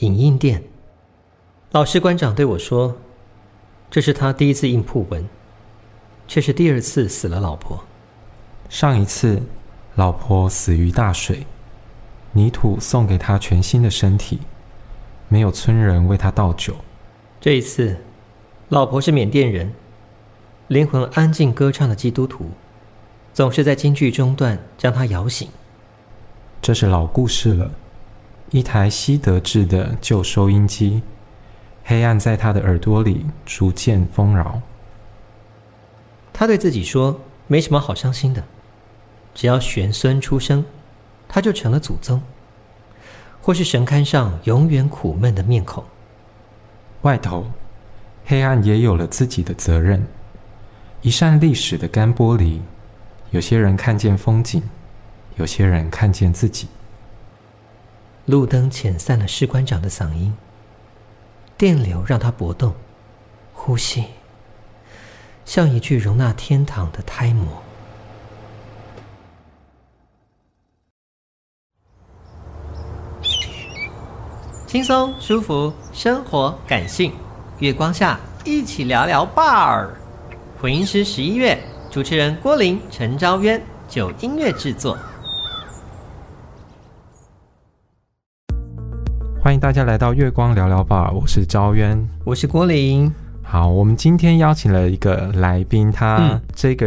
影印店，老士官長對我說：“這是他第一次印訃聞，卻是第二次死了老婆。上一次，老婆死於大水，泥土送給他全新的身體，沒有村人為他倒酒。這一次，老婆是緬甸人，靈魂安靜歌唱的基督徒，總是在京劇中段將他搖醒。這是老故事了。”一台西德製的舊收音機，黑暗在他的耳朵裡逐漸豐饒。他對自己說：“沒什麼好傷心的，只要玄孫出生，他就成了祖宗，或是神龕上永遠苦悶的面孔。”外頭，黑暗也有了自己的責任。一扇歷史的乾玻璃，有些人看見風景，有些人看見自己。路燈遣散了士官長的嗓音。電流讓他搏動，呼吸像一具容納天堂的胎模。輕鬆舒服，生活感性，月光下一起聊聊 BAR。混音師十一月，主持人郭霖、陳昭淵，九音樂製作。歡迎大家來到月光聊聊吧，我是昭淵，我是郭霖。好，我們今天邀請了一個來賓，他這個，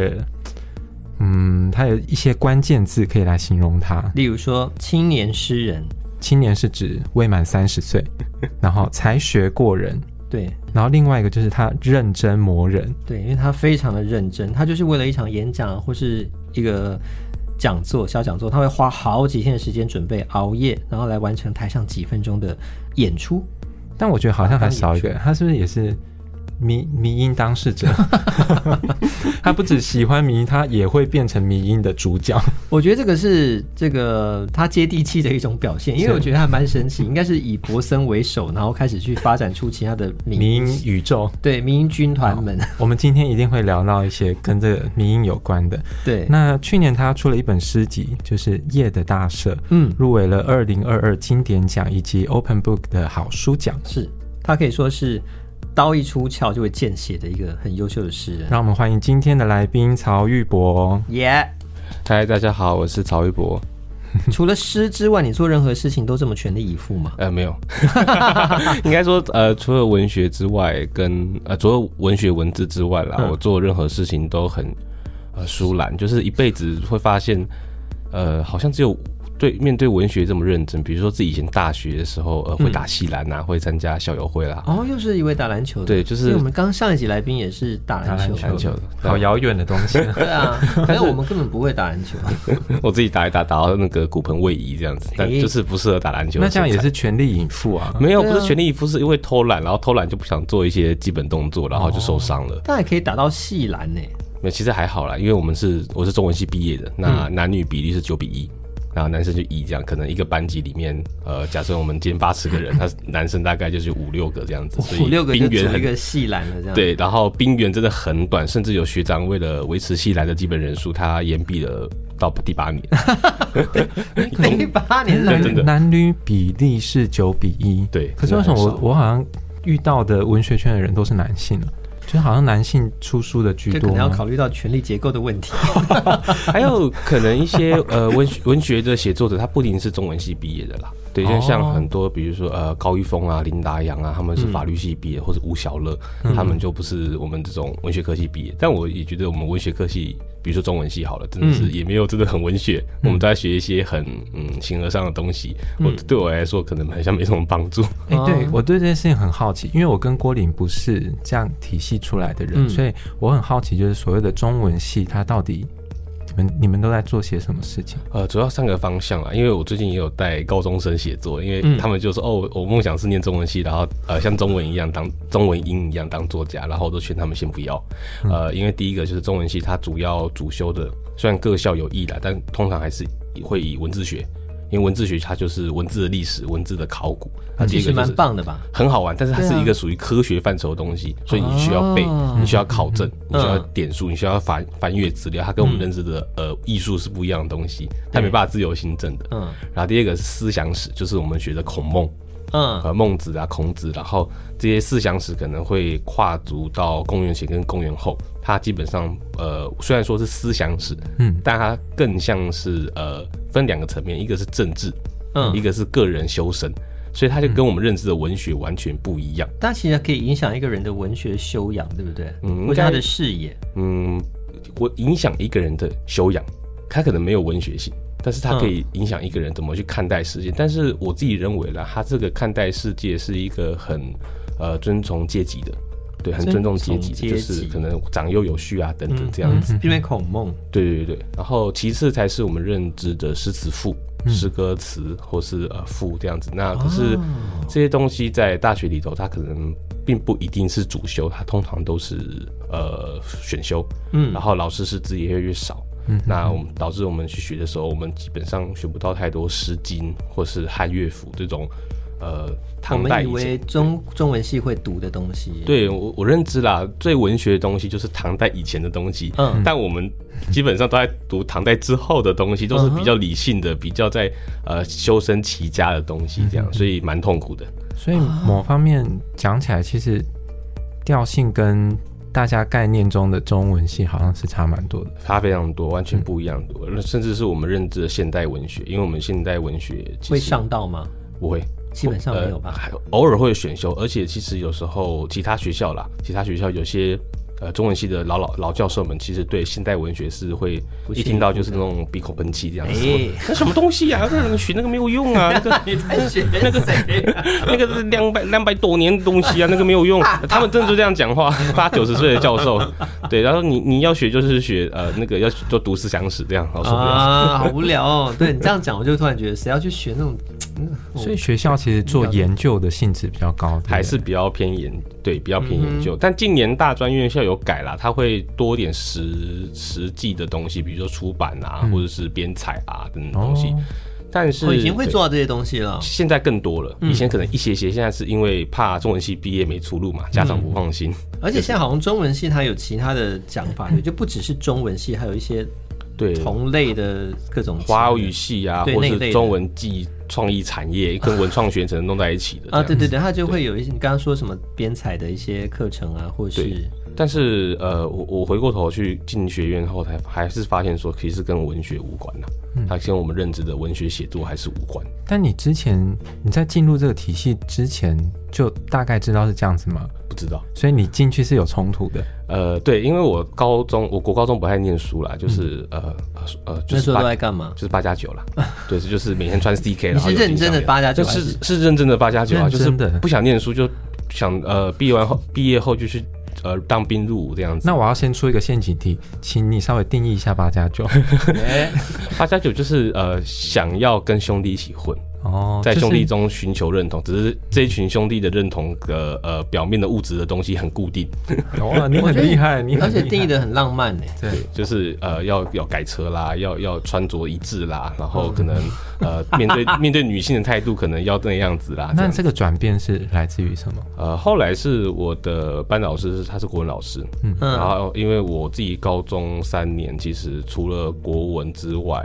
嗯、嗯，他有一些關鍵字可以來形容他，例如說青年詩人，青年是指未滿三十歲， 然後才學過人，對，然後另外一個就是他認真魔人，對，因為他非常的認真，他就是為了一場演講或是一個。講座，小講座，他會花好幾天的時間準備，熬夜，然後來完成台上幾分鐘的演出。但我覺得好像還少一個，他是不是也是？迷迷因當事者， 他不只喜歡迷因，他也會變成迷因的主角。我覺得這個是這個他接地氣的一種表現，因為我覺得他還蠻神奇。是應該是以博森為首，然後開始去發展出其他的迷因宇宙。對，迷因軍團們，我們今天一定會聊到一些跟這個迷因有關的。對，那去年他出了一本詩集，就是《夜的大赦》，嗯，入圍了二零二二金典獎以及 Open Book 的好書獎。是，他可以說是。刀一出鞘就會見血的一個很優秀的詩人，讓我們歡迎今天的來賓曹馭博。耶，e 嗨，大家好，我是曹馭博。 除了詩之外，你做任何事情都這麼全力以赴嗎？呃，沒有，應 該說呃，除了文學之外，跟呃，除了文學文字之外啦，嗯、我做任何事情都很疏、呃、懶，就是一輩子會發現，呃，好像只有。對，面對文學這麼認真，比如說自己以前大學的時候，呃，會打系籃吶，會參加校友會啦。哦，又是一位打籃球的。對，就是我們剛上一集來賓也是打籃球。籃球好遙遠的東西，對啊，反正我們根本不會打籃球。我自己打一打，打到那個骨盆位移這樣子，但就是不適合打籃球。那這樣也是全力以赴啊？沒有，不是全力以赴，是因為偷懶，然後偷懶就不想做一些基本動作，然後就受傷了。但還可以打到系籃呢？那其實還好啦，因為我們是我是中文系畢業的，那男女比例是九比一。然後男生就一、e、這樣，可能一個班級裡面，呃，假設我們今天八十個人，他男生大概就是五六個這樣子，所以兵一個系籃了這樣子。對，然後兵源真的很短，甚至有學長為了維持系籃的基本人數，他延畢了到第八年。 第八年是男，男女，男女比例是九比一。對，可是為什麼我我，我好像遇到的文學圈的人都是男性呢、啊？就好像男性出書的居多，可能要考慮到權力結構的問題， 還有可能一些呃文文學的寫作者，他不一定是中文系畢業的啦。對，像像很多比如說呃高翊峰啊、林達陽啊，他們是法律系畢業，嗯、或者吳曉樂，他們就不是我們這種文學科系畢業。嗯、但我也覺得我們文學科系。比如說中文系好了，嗯、真的是也沒有真的很文學，嗯、我們都在學一些很嗯形而上的東西，嗯、我對我來,來說可能好像沒什麼幫助。哎、嗯欸，對我對這件事情很好奇，因為我跟郭霖不是這樣體系出來的人，嗯、所以我很好奇，就是所謂的中文系它到底。你們，你們都在做些什麼事情？呃，主要三個方向啦，因為我最近也有帶高中生寫作，因為他們就是說、嗯、哦，我夢想是念中文系，然後呃，像中文一樣當中文英一樣當作家，然後我都勸他們先不要，嗯、呃，因為第一個就是中文系它主要主修的，雖然各校有異啦，但通常還是會以文字學。因為文字學它就是文字的歷史，文字的考古，它第一個蠻、就是嗯、棒的吧，很好玩，但是、啊、它是一個屬於科學範疇的東西，所以你需要背，哦、你需要考證，嗯、你需要點數，你需要翻翻閱資料，它跟我們認識的、嗯、呃藝術是不一樣的東西，它沒辦法自由行政的。嗯，然後第二個是思想史，就是我們學的孔孟，嗯，呃，孟子啊孔子，然後這些思想史可能會跨足到公元前跟公元後。它基本上，呃，雖然說是思想史，嗯，但它更像是呃分兩個層面，一個是政治，嗯，一個是個人修身，所以它就跟我們認知的文學完全不一樣。它、嗯、其實可以影響一個人的文學修養，對不對？嗯，或者他的視野。嗯，我影響一個人的修養，他可能沒有文學性，但是他可以影響一個人怎麼去看待世界。嗯、但是我自己認為呢，他這個看待世界是一個很呃遵從階級的。對，很尊重階級，級，就是可能長幼有序啊，等等這樣子。嗯嗯嗯、因為孔孟。對對對對，然後其次才是我們認知的詩詞賦、詩、嗯、歌詞，或是呃賦這樣子。那可是這些東西在大學裡頭，它可能並不一定是主修，它通常都是呃選修。嗯。然後老師師資也越來越少。嗯。那我們導致我們去學的時候，我們基本上學不到太多《詩經》或是漢樂府這種。呃，唐代以前中中文系會讀的東西，對，我我認知啦，最文學的東西就是唐代以前的東西。嗯，但我們基本上都在讀唐代之後的東西，都是比較理性的，比較在呃修身齊家的東西這樣，所以蠻痛苦的。所以某方面講起來，其實調性跟大家概念中的中文系好像是差蠻多的，差非常多，完全不一樣，甚至是我們認知的現代文學，因為我們現代文學其實會上到嗎？不會。基本上沒有吧，呃、偶爾會選修，而且其實有時候其他學校啦，其他學校有些呃中文系的老老老教授們，其實對現代文學是會一聽到就是那種閉口噴氣這樣，那什麼東西呀、啊？這個 學那個沒有用啊，那個 你學那個是兩百兩百多年的東西啊， 那個沒有用，他們真的就這樣講話，八九十歲的教授，對，然後你你要學就是學呃那個要做讀思想史這樣，好說,不說啊，好無聊哦， 對你這樣講，我就突然覺得誰要去學那種。所以學校其實做研究的性質比較高，對對，還是比較偏研，對，比較偏研究。嗯、但近年大專院校有改了，它會多點實實際的東西，比如說出版啊，嗯、或者是編採啊等等東西。哦、但是我已經會做到這些東西了，現在更多了。嗯、以前可能一些一些，現在是因為怕中文系畢業沒出路嘛，家長不放心。嗯、就是，而且現在好像中文系它有其他的講法，就不只是中文系，還有一些。對，同類的各種華語系啊，對或者是中文系創意產業跟文創學程弄在一起的 啊，對對對，它就會有一些對你剛剛說什麼編採的一些課程啊，或是。但是呃，我我回過頭去進學院後，才還是發現說，其實跟文學無關吶。它、嗯、跟我們認知的文學寫作還是無關。但你之前你在進入這個體系之前，就大概知道是這樣子嗎？不知道。所以你進去是有衝突的。呃，對，因為我高中我國高中不太念書啦，就是呃、嗯、呃，那時候都在幹嘛？就是八加九啦。 對，這就是每天穿 CK 啦。你是認真的八加九？是是認真的八加九啊，就是不想念書，就想呃，畢業完後畢業後就去。呃，當兵入伍這樣子，那我要先出一個陷阱題，請你稍微定義一下八加九。 欸，八加九就是呃，想要跟兄弟一起混。哦，在兄弟中尋求認同，哦就是、只是這一群兄弟的認同的呃表面的物質的東西很固定。哇、哦，你很厲 害，你而且定義的很浪漫呢。對，就是呃要要改車啦，要要穿着一致啦，然後可能 呃面對面對女性的態度可能要這樣子啦。 這樣子，那這個轉變是來自於什麼？呃，後來是我的班導師是他是國文老師，嗯，然後因為我自己高中三年，其實除了國文之外。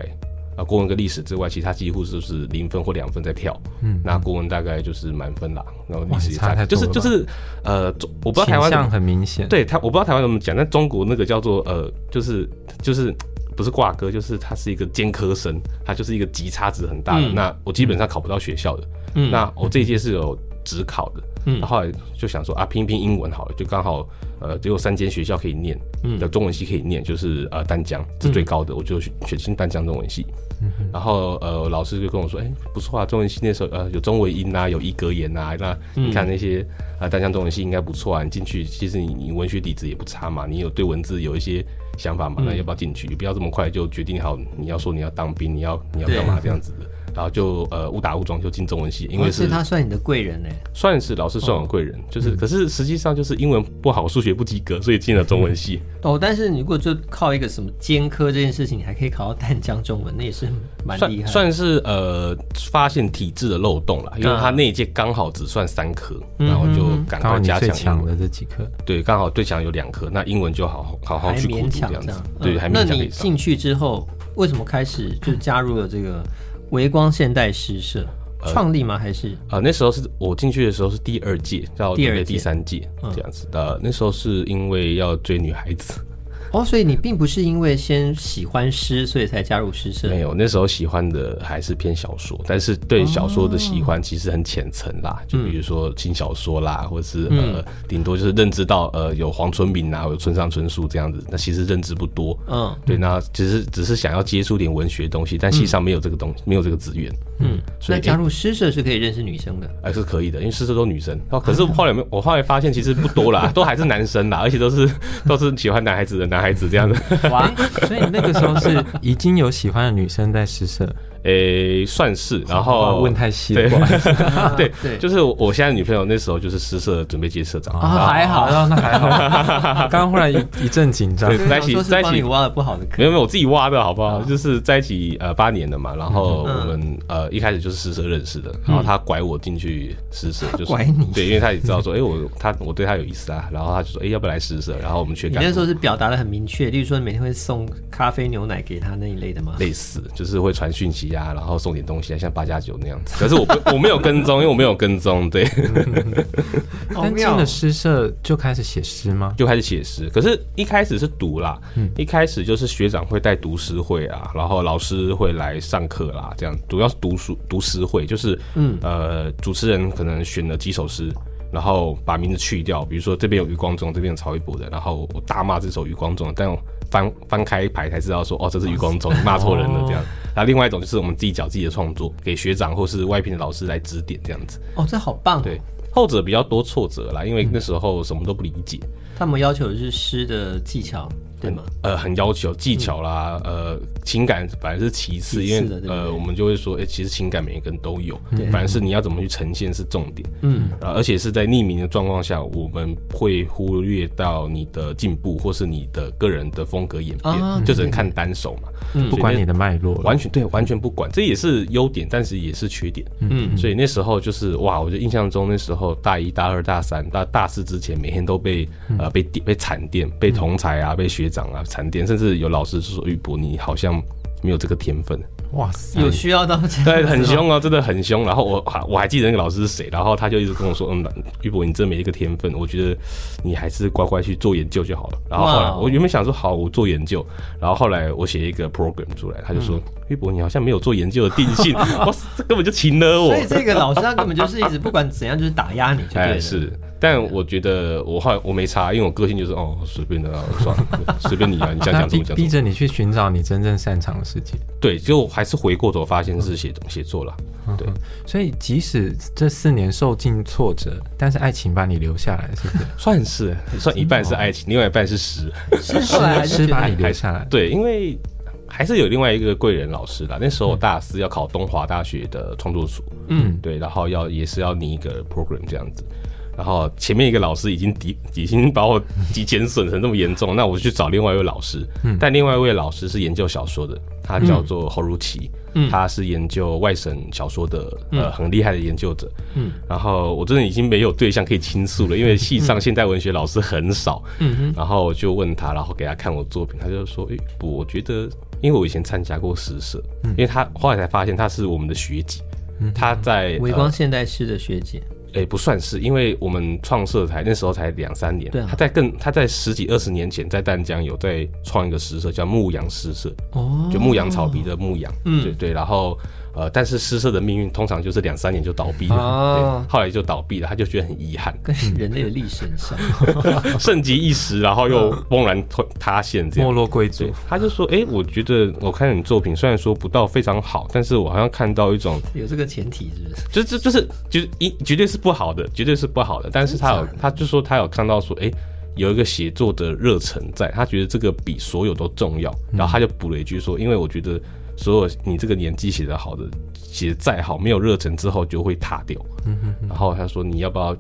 啊，國文跟歷史之外，其實他幾乎都是零分或兩分在跳。嗯，那國文大概就是滿分啦。然後歷史也差，差就是就是呃，我不知道台灣很明顯，對他我不知道台灣怎麼講，但中國那個叫做呃，就是就是不是掛科，就是他是一個尖科生，他就是一個級差值很大的。嗯、那我基本上考不到學校的。嗯，那我這一屆是有指考的。嗯，然後，後來就想說啊，拼一拼英文好了，就剛好呃，只有三間學校可以念的、嗯、中文系可以念，就是呃，淡江是最高的，嗯、我就選進淡江中文系。 然後呃，老師就跟我說，哎、欸，不錯啊，中文系那時候呃，有中文音吶、啊，有一格言吶、啊，那你看那些啊，淡江、嗯呃、中文系應該不錯啊，你進去其實你你文學底子也不差嘛，你有對文字有一些想法嘛，嗯、那要不要進去？你不要這麼快就決定好你要說你要當兵，你要你要幹嘛這樣子。的。然後就呃誤打誤撞，就進中文系。因為是他算你的貴人呢、欸，算是老師算我貴人，哦、就是、嗯、可是實際上就是英文不好，數學不及格，所以進了中文系。嗯、哦，但是你如果就靠一個什麼兼科，這件事情，你還可以考到淡江中文，那也是蠻厲害的算。算是呃發現體制的漏洞了，因為他那一屆剛好只算三科，嗯、然後就趕快加強了這幾科，對，剛好最強有兩科，那英文就好好好好去補這樣子。樣嗯、對，還勉強、嗯。那你進去之後，為什麼開始就加入了這個？微光現代詩社創立嗎？呃，還是啊，呃？那時候是我進去的時候是第二屆，叫第，第二第三屆這樣子的。嗯，那時候是因為要追女孩子。哦，所以你並不是因為先喜歡詩，所以才加入詩社。沒有，那時候喜歡的還是偏小說，但是對小說的喜歡其實很淺層啦。嗯、就比如說新小說啦，或者是呃，頂多就是認知到呃有黃春明啊，有村上春樹這樣子。那其實認知不多。嗯，對，那其實只是想要接觸點文學東西，但系上沒有這個東西，嗯、沒有這個資源。嗯，所以加入詩社是可以認識女生的？還、欸、是可以的，因為詩社都女生，啊。可是後來我後來發現其實不多啦， 都還是男生啦，而且都是都是喜歡男孩子的男孩子這樣的。哇、 欸，所以那個時候是已經有喜歡的女生在詩社？誒，算是，然後問太細？對對，就是我現在的女朋友那時候就是詩社準備接社長啊，還好那還好，剛剛忽然一一陣緊張，在一起在一起挖，了不好的，沒有沒有，我自己挖的好不好？就是在一起呃八年的嘛，然後我們呃一開始就是詩社認識的，然後他拐我進去詩社，就是拐你，對，因為他也知道說，哎我他我對他有意思啊，然後他就說，哎要不要來詩社？然後我們去。你那時候是表達的很明確，例如說你每天會送咖啡牛奶給他那一類的嗎？類似，就是會傳訊息。然後送點東西啊，像八加九那樣子。可是我不，我沒有跟蹤， 因為我沒有跟蹤。對，嗯、但進了詩社就開始寫詩嗎？就開始寫詩。可是，一開始是讀啦，嗯，一開始就是學長會帶讀詩會啊，然後老師會來上課啦，這樣主要是讀書讀詩會，就是，嗯，呃，主持人可能選了幾首詩，然後把名字去掉，比如說這邊有余光中，這邊有曹馭博的，然後我大罵這首余光中的，但我翻翻開一排才知道說，哦，這是余光中，你罵錯塞人了，這樣。那另外一種就是我們自己找自己的創作，給學長或是外聘的老師來指點，這樣子。哦，這好棒哦。對，後者比較多挫折啦，因為那時候什麼都不理解。嗯。他們要求的是詩的技巧。很呃很要求技巧啦，嗯、呃情感反而是其次，其次對對因為呃我們就會說，哎、欸、其實情感每一個人都有，對反而是你要怎麼去呈現是重點，嗯、呃，而且是在匿名的狀況下，我們會忽略到你的進步或是你的個人的風格演變，啊、就只能看單首嘛，嗯、不管你的脈絡，完全對完全不管，這也是優點，但是也是缺點，嗯，所以那時候就是哇，我就印象中那時候大一大二大三大大四之前，每天都被、嗯、呃被電被慘電被同儕啊被學。長啊，殘電，甚至有老師說，馭博你好像沒有這個天分。哇塞，對有需要到這、喔、對，很兇哦、喔，真的很兇。然後我我還記得那個老師是誰，然後他就一直跟我說：“ 嗯，馭博你真沒一個天分，我覺得你還是乖乖去做研究就好了。”然後後來我原本想說好，我做研究，然後後來我寫一個 program 出來，他就說：“嗯、馭博你好像沒有做研究的定性。” 哇塞，這根本就親了我。 所以這個老師他根本就是一直不管怎樣，就是打壓你對，對、哎、是。但我覺得我好像我沒差，因為我個性就是哦，隨便的，哦、算了隨便你了、啊，你講講，你講。 逼着你去尋找你真正擅長的事情，對，就還是回過頭發現是寫東寫作啦，對、嗯嗯。所以即使這四年受盡挫折，但是愛情把你留下來，是不是？算是算一半是愛情，好另外一半是詩詩詩把你留下來。對，因為還是有另外一個貴人老師啦。那時候我大四要考東華大學的創作組，嗯，對，然後要也是要擬一個 program 這樣子。然後前面一個老師已經敵已經把我抵減損成那麼嚴重，那我去找另外一位老師，嗯、但另外一位老師是研究小說的，他叫做侯如奇，嗯、他是研究外省小說的、嗯、呃很厲害的研究者，嗯、然後我真的已經沒有對象可以傾訴了，因為系上現代文學老師很少，嗯嗯、然後就問他，然後給他看我作品，他就說，哎、欸，我覺得，因為我以前參加過詩社，嗯、因為他後來才發現他是我們的學姐，嗯、他在微光現代詩的學姐。哎、欸，不算是，因為我們創社台那時候才兩三年，他、啊、在更他在十幾二十年前在淡江有在創一個詩社，叫牧羊詩社，就、oh、牧羊草皮的牧羊，對、嗯、對，然後。呃，但是詩社的命運通常就是兩三年就倒閉了、啊，後來就倒閉了，他就覺得很遺憾。跟人類的歷史上盛極一時，然後又猛然塌陷，這樣沒落貴族。他就說：“誒、欸、我覺得我看你作品，雖然說不到非常好，但是我好像看到一種……有這個前提，是不是？就是這，就是就是一絕對是不好的，絕對是不好的。但是他有，他就說他有看到說，哎、欸，有一個寫作的熱忱在，在他覺得這個比所有都重要。然後他就補了一句說：嗯、因為我覺得。”所以你這個年紀寫的好的，寫再好，沒有熱忱之後就會塌掉。嗯、嗯，然後他說，你要不要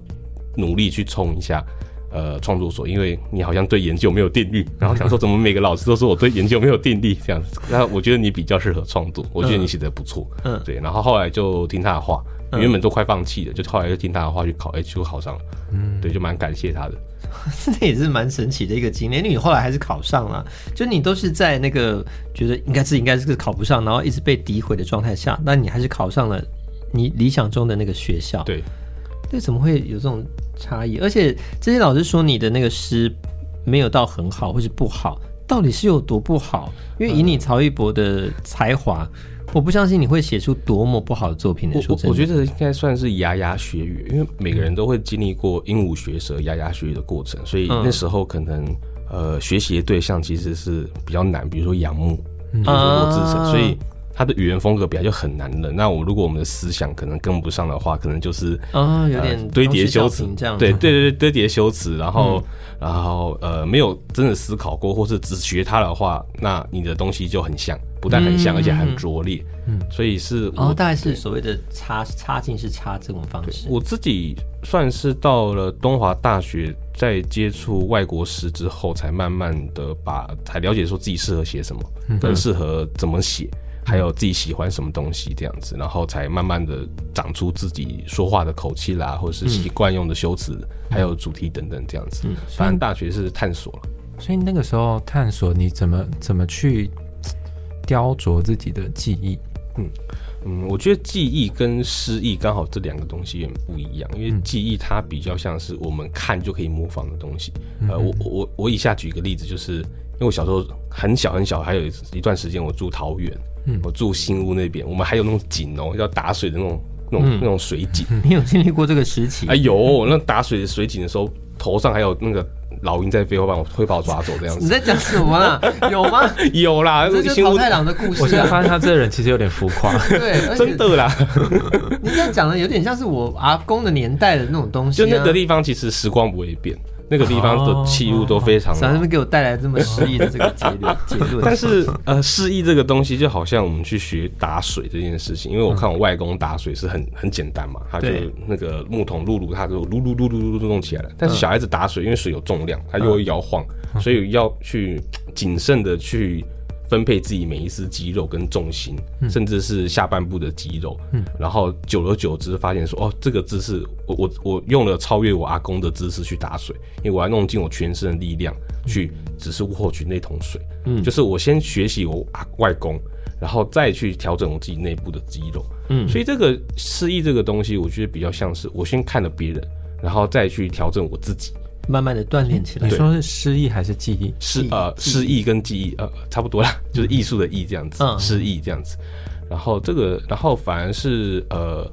努力去衝一下，呃，創作所，因為你好像對研究沒有定力。然後、嗯、想說，怎麼每個老師都說我對研究沒有定力，嗯、這樣子。那我覺得你比較適合創作，我覺得你寫的不錯。嗯。對。然後後來就聽他的話。原本都快放棄的，就後來就聽他的話去考，哎、欸，就考上了。嗯，對，就蠻感謝他的。這 也是蠻神奇的一個經歷，因為你後來還是考上了。就你都是在那個覺得應該是應該是考不上，然後一直被詆毀的狀態下，那你還是考上了你理想中的那個學校。對，對，怎麼會有這種差異？而且這些老師說你的那個詩沒有到很好，或是不好，到底是有多不好？因為以你曹馭博的才華。嗯我不相信你會寫出多麼不好的作品說的。我我覺得應該算是牙牙學語，因為每個人都會經歷過鸚鵡學舌、牙牙學語的過程，所以那時候可能、嗯、呃學習的對象其實是比較難，比如說楊牧，比如說羅智成、嗯、所以。他的語言風格本來就很難的，那我如果我們的思想可能跟不上的話，可能就是啊、哦，有點、呃、堆疊修辭，對對對，堆疊修辭，然後、嗯、然後呃，沒有真的思考過，或是只學它的話，那你的東西就很像，不但很像，而且很拙劣。嗯，所以是我哦，大概是所謂的差差勁是差這種方式。我自己算是到了東華大學，在接觸外國詩之後，才慢慢的把，才了解說自己適合寫什麼，更適合怎麼寫。嗯還有自己喜歡什麼東西這樣子，然後才慢慢的長出自己說話的口氣啦，或者是習慣用的修辭，嗯、還有主題等等這樣子。嗯，反、嗯、正大學是探索了，所以那個時候探索你怎麼怎麼去雕琢自己的技藝。嗯嗯，我覺得技藝跟詩意剛好這兩個東西也不一樣，因為技藝它比較像是我們看就可以模仿的東西。嗯、呃，我我我以下舉一個例子，就是因為我小時候很小很小，還有一段時間我住桃園。嗯、我住新屋那邊，我們還有那種井哦、喔，要打水的那種、那種、嗯、那種水井。你有經歷過這個時期？哎，有那打水的水井的時候，頭上還有那個老鷹在飛，會把我會把我抓走這樣子。你在講什麼啊？有嗎？ 有啦，這就是桃太郎的故事、啊。我現在發現他這個人其實有點浮誇。 對，真的啦。 你這樣講的有點像是我阿公的年代的那種東西、啊。就那個地方，其實時光不會變。那個地方的器物都非常的。啥子、oh, oh. 給我帶來這麼詩意的這個結結論？ 但是呃，詩意這個東西就好像我們去學打水這件事情，因為我看我外公打水是很很簡單嘛，嗯、他就那個木桶露露，他就嚕嚕嚕嚕嚕嚕弄起來了。但是小孩子打水，因為水有重量，他就會搖晃，所以要去謹慎的去。嗯 correlation 嗯分配自己每一絲肌肉跟重心，嗯、甚至是下半部的肌肉。嗯、然後久而久之發現說，哦，這個姿勢，我我我用了超越我阿公的姿勢去打水，因為我要弄盡我全身的力量去，只是獲取那桶水。嗯、就是我先學習我阿外公，然後再去調整我自己內部的肌肉。嗯，所以這個詩藝這個東西，我覺得比較像是我先看了別人，然後再去調整我自己。慢慢的鍛鍊起來。你說是失憶還是記憶？失呃，失憶跟記憶呃差不多啦，就是藝術的藝這樣子，失憶這樣子。然後這個，然後反而是呃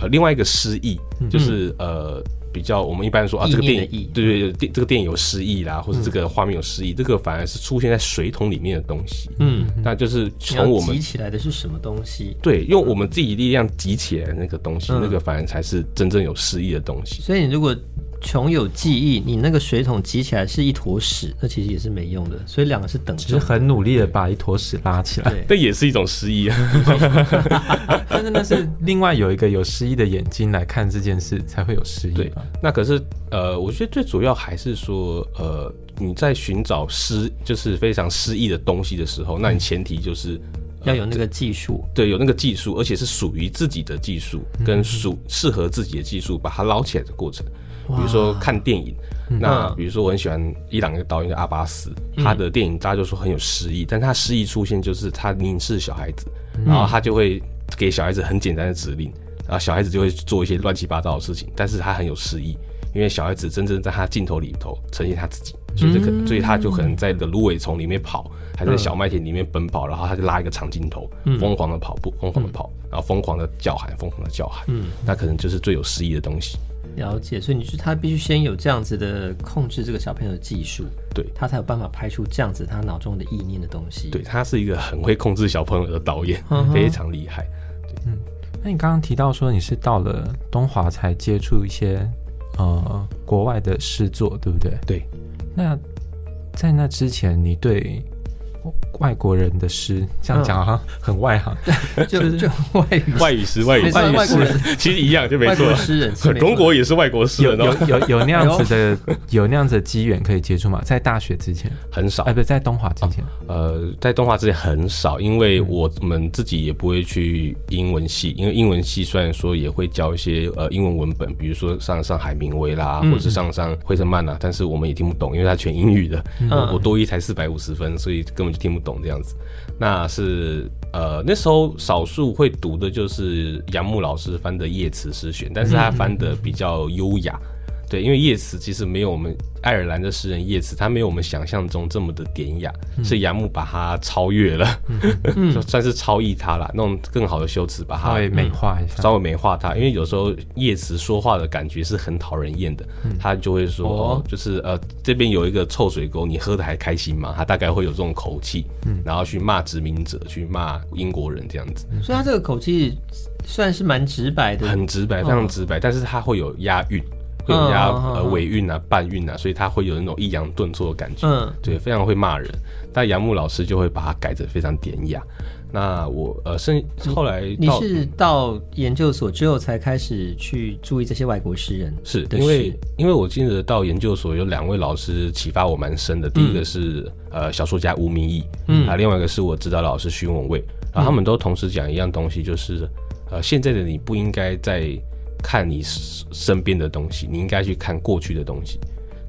呃另外一個詩意，就是呃比較我們一般說啊這個電影，對對對，這個電影有詩意啦，或者這個畫面有詩意，這個反而是出現在水桶裡面的東西。嗯，那就是從我們集起來的是什麼東西？對，用我們自己力量集起來那個東西，那個反而才是真正有詩意的東西。所以你如果。窮有技藝，你那個水桶擠起來是一坨屎，那其實也是沒用的，所以兩個是等的。只是很努力的把一坨屎拉起來對，那對也是一種詩意啊。 但是那是另外有一個有詩意的眼睛來看這件事，才會有詩意。對，那可是呃，我覺得最主要還是說，呃，你在尋找詩就是非常詩意的東西的時候，那你前提就是、嗯呃、要有那個技術，對，有那個技術，而且是屬於自己的技術跟屬適合自己的技術，把它撈起來的過程。比如說看電影，嗯啊、那比如說我很喜歡伊朗一個導演叫阿巴斯，嗯、他的電影大家就說很有詩意，嗯、但他詩意出現就是他凝視小孩子，嗯、然後他就會給小孩子很簡單的指令，然後小孩子就會做一些亂七八糟的事情，但是他很有詩意，因為小孩子真正在他鏡頭裡頭呈現他自己，所以這可能，嗯、所以他就可能在的蘆葦叢裡面跑，還在小麥田裡面奔跑，然後他就拉一個長鏡頭，瘋狂的跑步，瘋狂的跑，然後瘋狂的叫喊，瘋狂的叫喊，嗯、那可能就是最有詩意的東西。了解，所以你是他必須先有這樣子的控制這個小朋友的技術，對，他才有辦法拍出這樣子他腦中的意念的東西。對，他是一個很會控制小朋友的導演，嗯哼，非常厲害。對。嗯，那你剛剛提到說你是到了東華才接觸一些呃國外的詩作，對不對？對。那在那之前，你對？外國人的詩，這樣講好像很外行，就就外語外語詩，外語外語詩，其實一樣，就沒錯。中國也是外國詩人，有有有那樣子的，有那樣子的機緣可以接觸嗎？在大學之前很少，哎，不是在東華之前，呃，在東華之前很少，因為我們自己也不會去英文系，因為英文系雖然說也會教一些呃英文文本，比如說上上海明威啦，或者是上上惠特曼啦，但是我們也聽不懂，因為它全英語的。我多益才四百五十分，所以根本。就聽不懂這樣子，那是呃，那時候少數會讀的，就是楊牧老師翻的《葉慈詩選》，但是他翻的比較優雅。嗯嗯對，因為葉慈其實沒有我們愛爾蘭的詩人葉慈，他沒有我們想象中這麼的典雅，嗯、是楊牧把他超越了，嗯嗯、 就算是超越他了，那種更好的修辭把他美化一下，稍微美化他，因為有時候葉慈說話的感覺是很討人厭的，他、嗯、就會說，哦、就是呃這邊有一個臭水溝，你喝得還開心嗎？他大概會有這種口氣，嗯、然後去罵殖民者，去罵英國人這樣子，嗯、所以他這個口氣算是蠻直白的，很直白，哦、非常直白，但是他會有押韻。會有家，啊嗯，呃尾韻啊、半韻啊，所以他會有那種抑揚頓挫的感覺。嗯，對，非常會罵人。但楊牧老師就會把它改得非常典雅。那我呃，甚後來到，嗯、你是到研究所之後才開始去注意這些外國詩人，是因為因為我記得到研究所有兩位老師啟發我蠻深的，第一個是，嗯、呃小說家吳明益，嗯，啊，另外一個是我指導老師須文蔚，然後他們都同時講一樣東西，就是呃現在的你不應該在。看你身邊的東西，你應該去看過去的東西，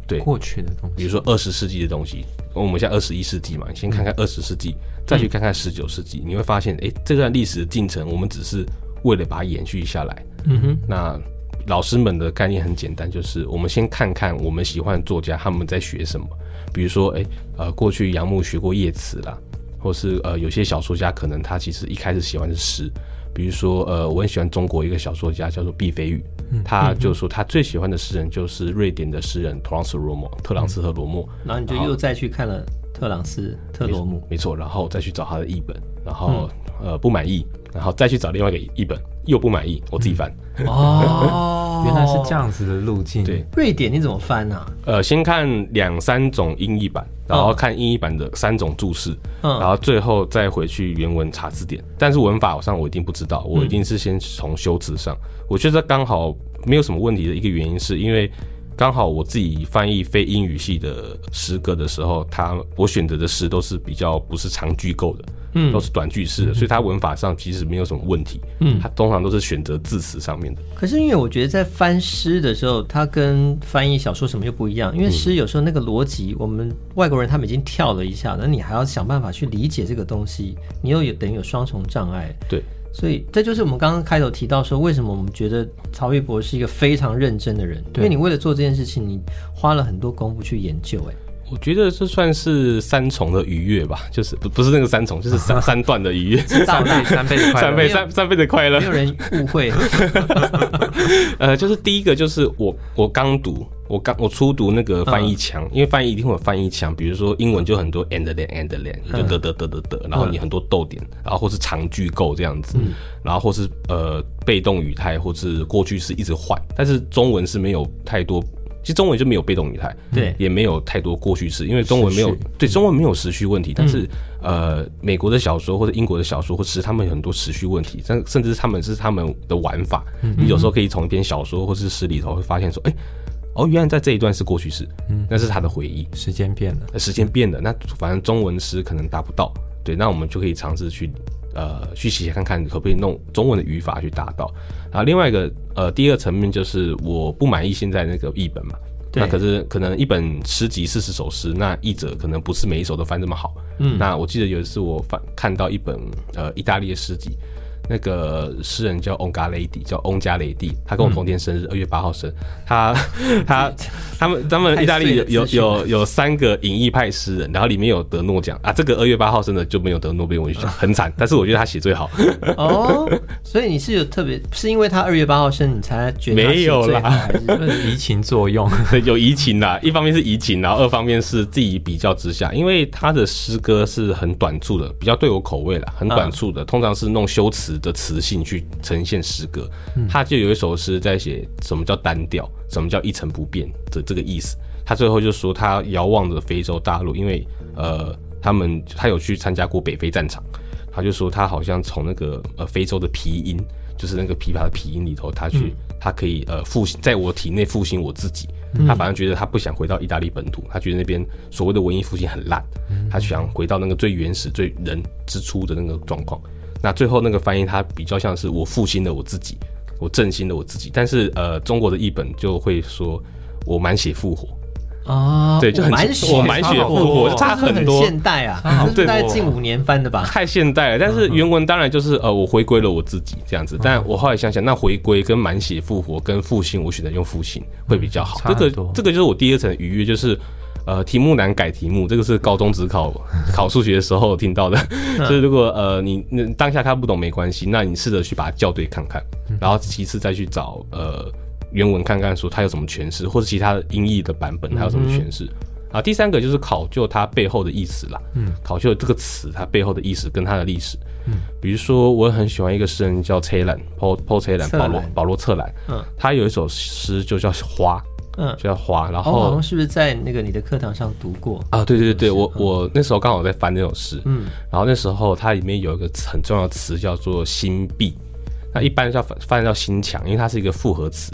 對，過去的東西，比如說二十世紀的東西，我們現在二十一世紀嘛，你先看看二十世紀，嗯、再去看看十九世紀，嗯、你會發現，哎、欸，這段歷史的進程，我們只是為了把它延續下來。嗯哼，那老師們的概念很簡單，就是我們先看看我們喜歡的作家他們在學什麼，比如說，哎、欸，呃，過去楊牧學過葉慈啦，或是呃，有些小說家可能他其實一開始喜歡是詩。比如說，呃，我很喜歡中國一個小說家叫做畢飛宇，嗯嗯、他就說他最喜歡的詩人就是瑞典的詩人特朗斯羅姆，特朗斯和羅姆、嗯。然後你就又再去看了特朗斯後特羅姆，沒錯，然後再去找他的譯本，然後、嗯、呃不滿意，然後再去找另外一個譯本，又不滿意，我自己翻。嗯、 哦，嗯、原來是這樣子的路徑。對，瑞典你怎麼翻呢？啊？呃，先看兩三種英譯版。然後看英譯版的三種注釋，嗯，然後最後再回去原文查字典。但是文法上我一定不知道，我一定是先從修辭上。嗯，我覺得剛好沒有什麼問題的一個原因，是因為剛好我自己翻譯非英語系的詩歌的時候，他我選擇的詩都是比較不是長句構的。嗯，都是短句式的，嗯、所以它文法上其實沒有什麼問題。嗯，他通常都是選擇字詞上面的。可是因為我覺得在翻詩的時候，它跟翻譯小說什麼又不一樣，因為詩有時候那個邏輯，我們外國人他們已經跳了一下，那、嗯、你還要想辦法去理解這個東西，你又有等於有雙重障礙。對，所以這就是我們剛剛開頭提到說，為什麼我們覺得曹馭博是一個非常認真的人，對因為你為了做這件事情，你花了很多功夫去研究、欸，哎。我覺得這算是三重的愉悅吧，就是不不是那個三重，就是三三段的愉悅 有，三倍的快樂，三倍的快樂，沒有人誤會。 呃，就是第一個，就是我我剛讀，我剛我初讀那個翻譯腔，嗯、因為翻譯一定會有翻譯腔，比如說英文就很多 and land, and land, 就得得得得得，嗯、然後你很多逗點，然後或是長句構這樣子，嗯、然後或是呃被動語態，或是過去式一直換，但是中文是沒有太多。其實中文就沒有被動語態，對、嗯，也沒有太多過去式，因為文、嗯、中文沒有對中文沒有時序問題。但是，嗯、呃，美國的小說或者英國的小說或是他們有很多時序問題，但甚至他們是他們的玩法。你有時候可以從一篇小說或是詩裡頭會發現說，哎、嗯欸，哦，原來在這一段是過去式，嗯、那是他的回憶，時間變了，時間變了。那反正中文詩可能達不到，對，那我們就可以嘗試去。呃，去寫寫看看可不可以弄中文的語法去達到。啊，另外一個呃，第二層面就是我不滿意現在那個譯本嘛，對那可是可能一本詩集四十首詩，那譯者可能不是每一首都翻這麼好。嗯，那我記得有一次我翻看到一本呃意大利的詩集。那個詩人叫翁加雷蒂，叫翁加雷蒂，他跟我同天生日，二、嗯、月八號生。他他他，他們他們意大利有有有有三個隱逸派詩人，然後裡面有得諾獎 啊，這個二月八號生的就沒有得諾貝爾文學獎，很慘。但是我覺得他寫最好。 哦，所以你是有特別，是因為他二月八號生，你才覺得他寫最好？沒有啦？移情作用 有移情啦，一方面是移情，然後二方面是自己比較之下，因為他的詩歌是很短促的，比較對我口味了，很短促的，啊、通常是弄修辭。的詞性去呈現詩歌，嗯、他就有一首詩在寫什麼叫單調，什麼叫一成不變的這個意思。他最後就說他遙望着非洲大陸，因為呃，他們他有去參加過北非戰場，他就說他好像從那個呃非洲的皮音，就是那個琵琶的皮音裡頭，他去、嗯、他可以呃復興，在我體內復興我自己。他反正覺得他不想回到意大利本土，他覺得那邊所謂的文藝復興很爛，嗯、他想回到那個最原始、最人之初的那個狀況。那最後那個翻譯，它比較像是我復興的我自己，我振興了我自己。但是呃，中國的譯本就會說我滿血復活。哦、啊，對，就滿血，滿血復活，差很多。現代啊，啊是是大概近五年翻的吧？太現代了。但是原文當然就是呃，我回歸了我自己這樣子。但我後來想想，那回歸跟滿血復活跟復興，我選擇用復興會比較好。嗯、這個這個就是我第一層的愉悅，就是。呃，題目難改題目，這個是高中指考 考數學的時候聽到的。 所以如果呃你你當下看不懂沒關係，那你試着去把它校對看看，然後其次再去找呃原文看看說它有什麼詮釋，或是其他的音譯的版本它有什麼詮釋。嗯嗯啊，第三個就是考究它背後的意思啦。嗯，考究這個詞它背後的意思跟它的歷史。嗯，比如說我很喜歡一個詩人叫策蘭，Paul Paul 策蘭保羅保羅策蘭，嗯，他有一首詩就叫花。嗯，就要花。然後，嗯哦、是不是在那個你的課堂上讀過啊、哦？對對對，我我那時候剛好在翻那種詩。嗯，然後那時候它裡面有一個很重要的詞叫做“心壁”，那一般叫翻翻叫“心牆”，因為它是一個複合詞。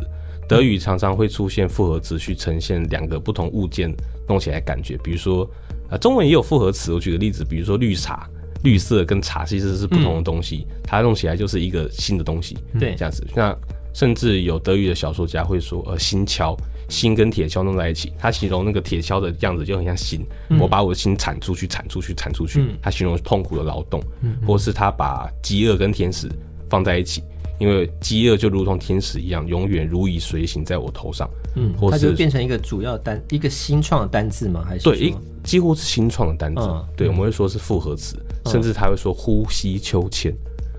德語常常會出現複合詞去呈現兩個不同物件弄起來的感覺，比如說，啊，中文也有複合詞。我舉個例子，比如說“綠茶”，綠色跟茶其實是不同的東西，嗯、它弄起來就是一個新的東西。對、嗯，這樣子。那。甚至有德語的小說家會說，呃，心鍬，心跟鐵鍬弄在一起，他形容那個鐵鍬的樣子就很像心。嗯、我把我的心鏟出去，鏟出去，鏟出去。他形容痛苦的勞動，嗯、或是他把飢餓跟天使放在一起，嗯、因為飢餓就如同天使一樣，永遠如影隨形在我頭上。嗯，或是它就變成一個主要單，一個新創的單字嗎？還是對，一，幾乎是新創的單字。嗯、對，我們會說是複合詞，嗯、甚至他會說呼吸秋千。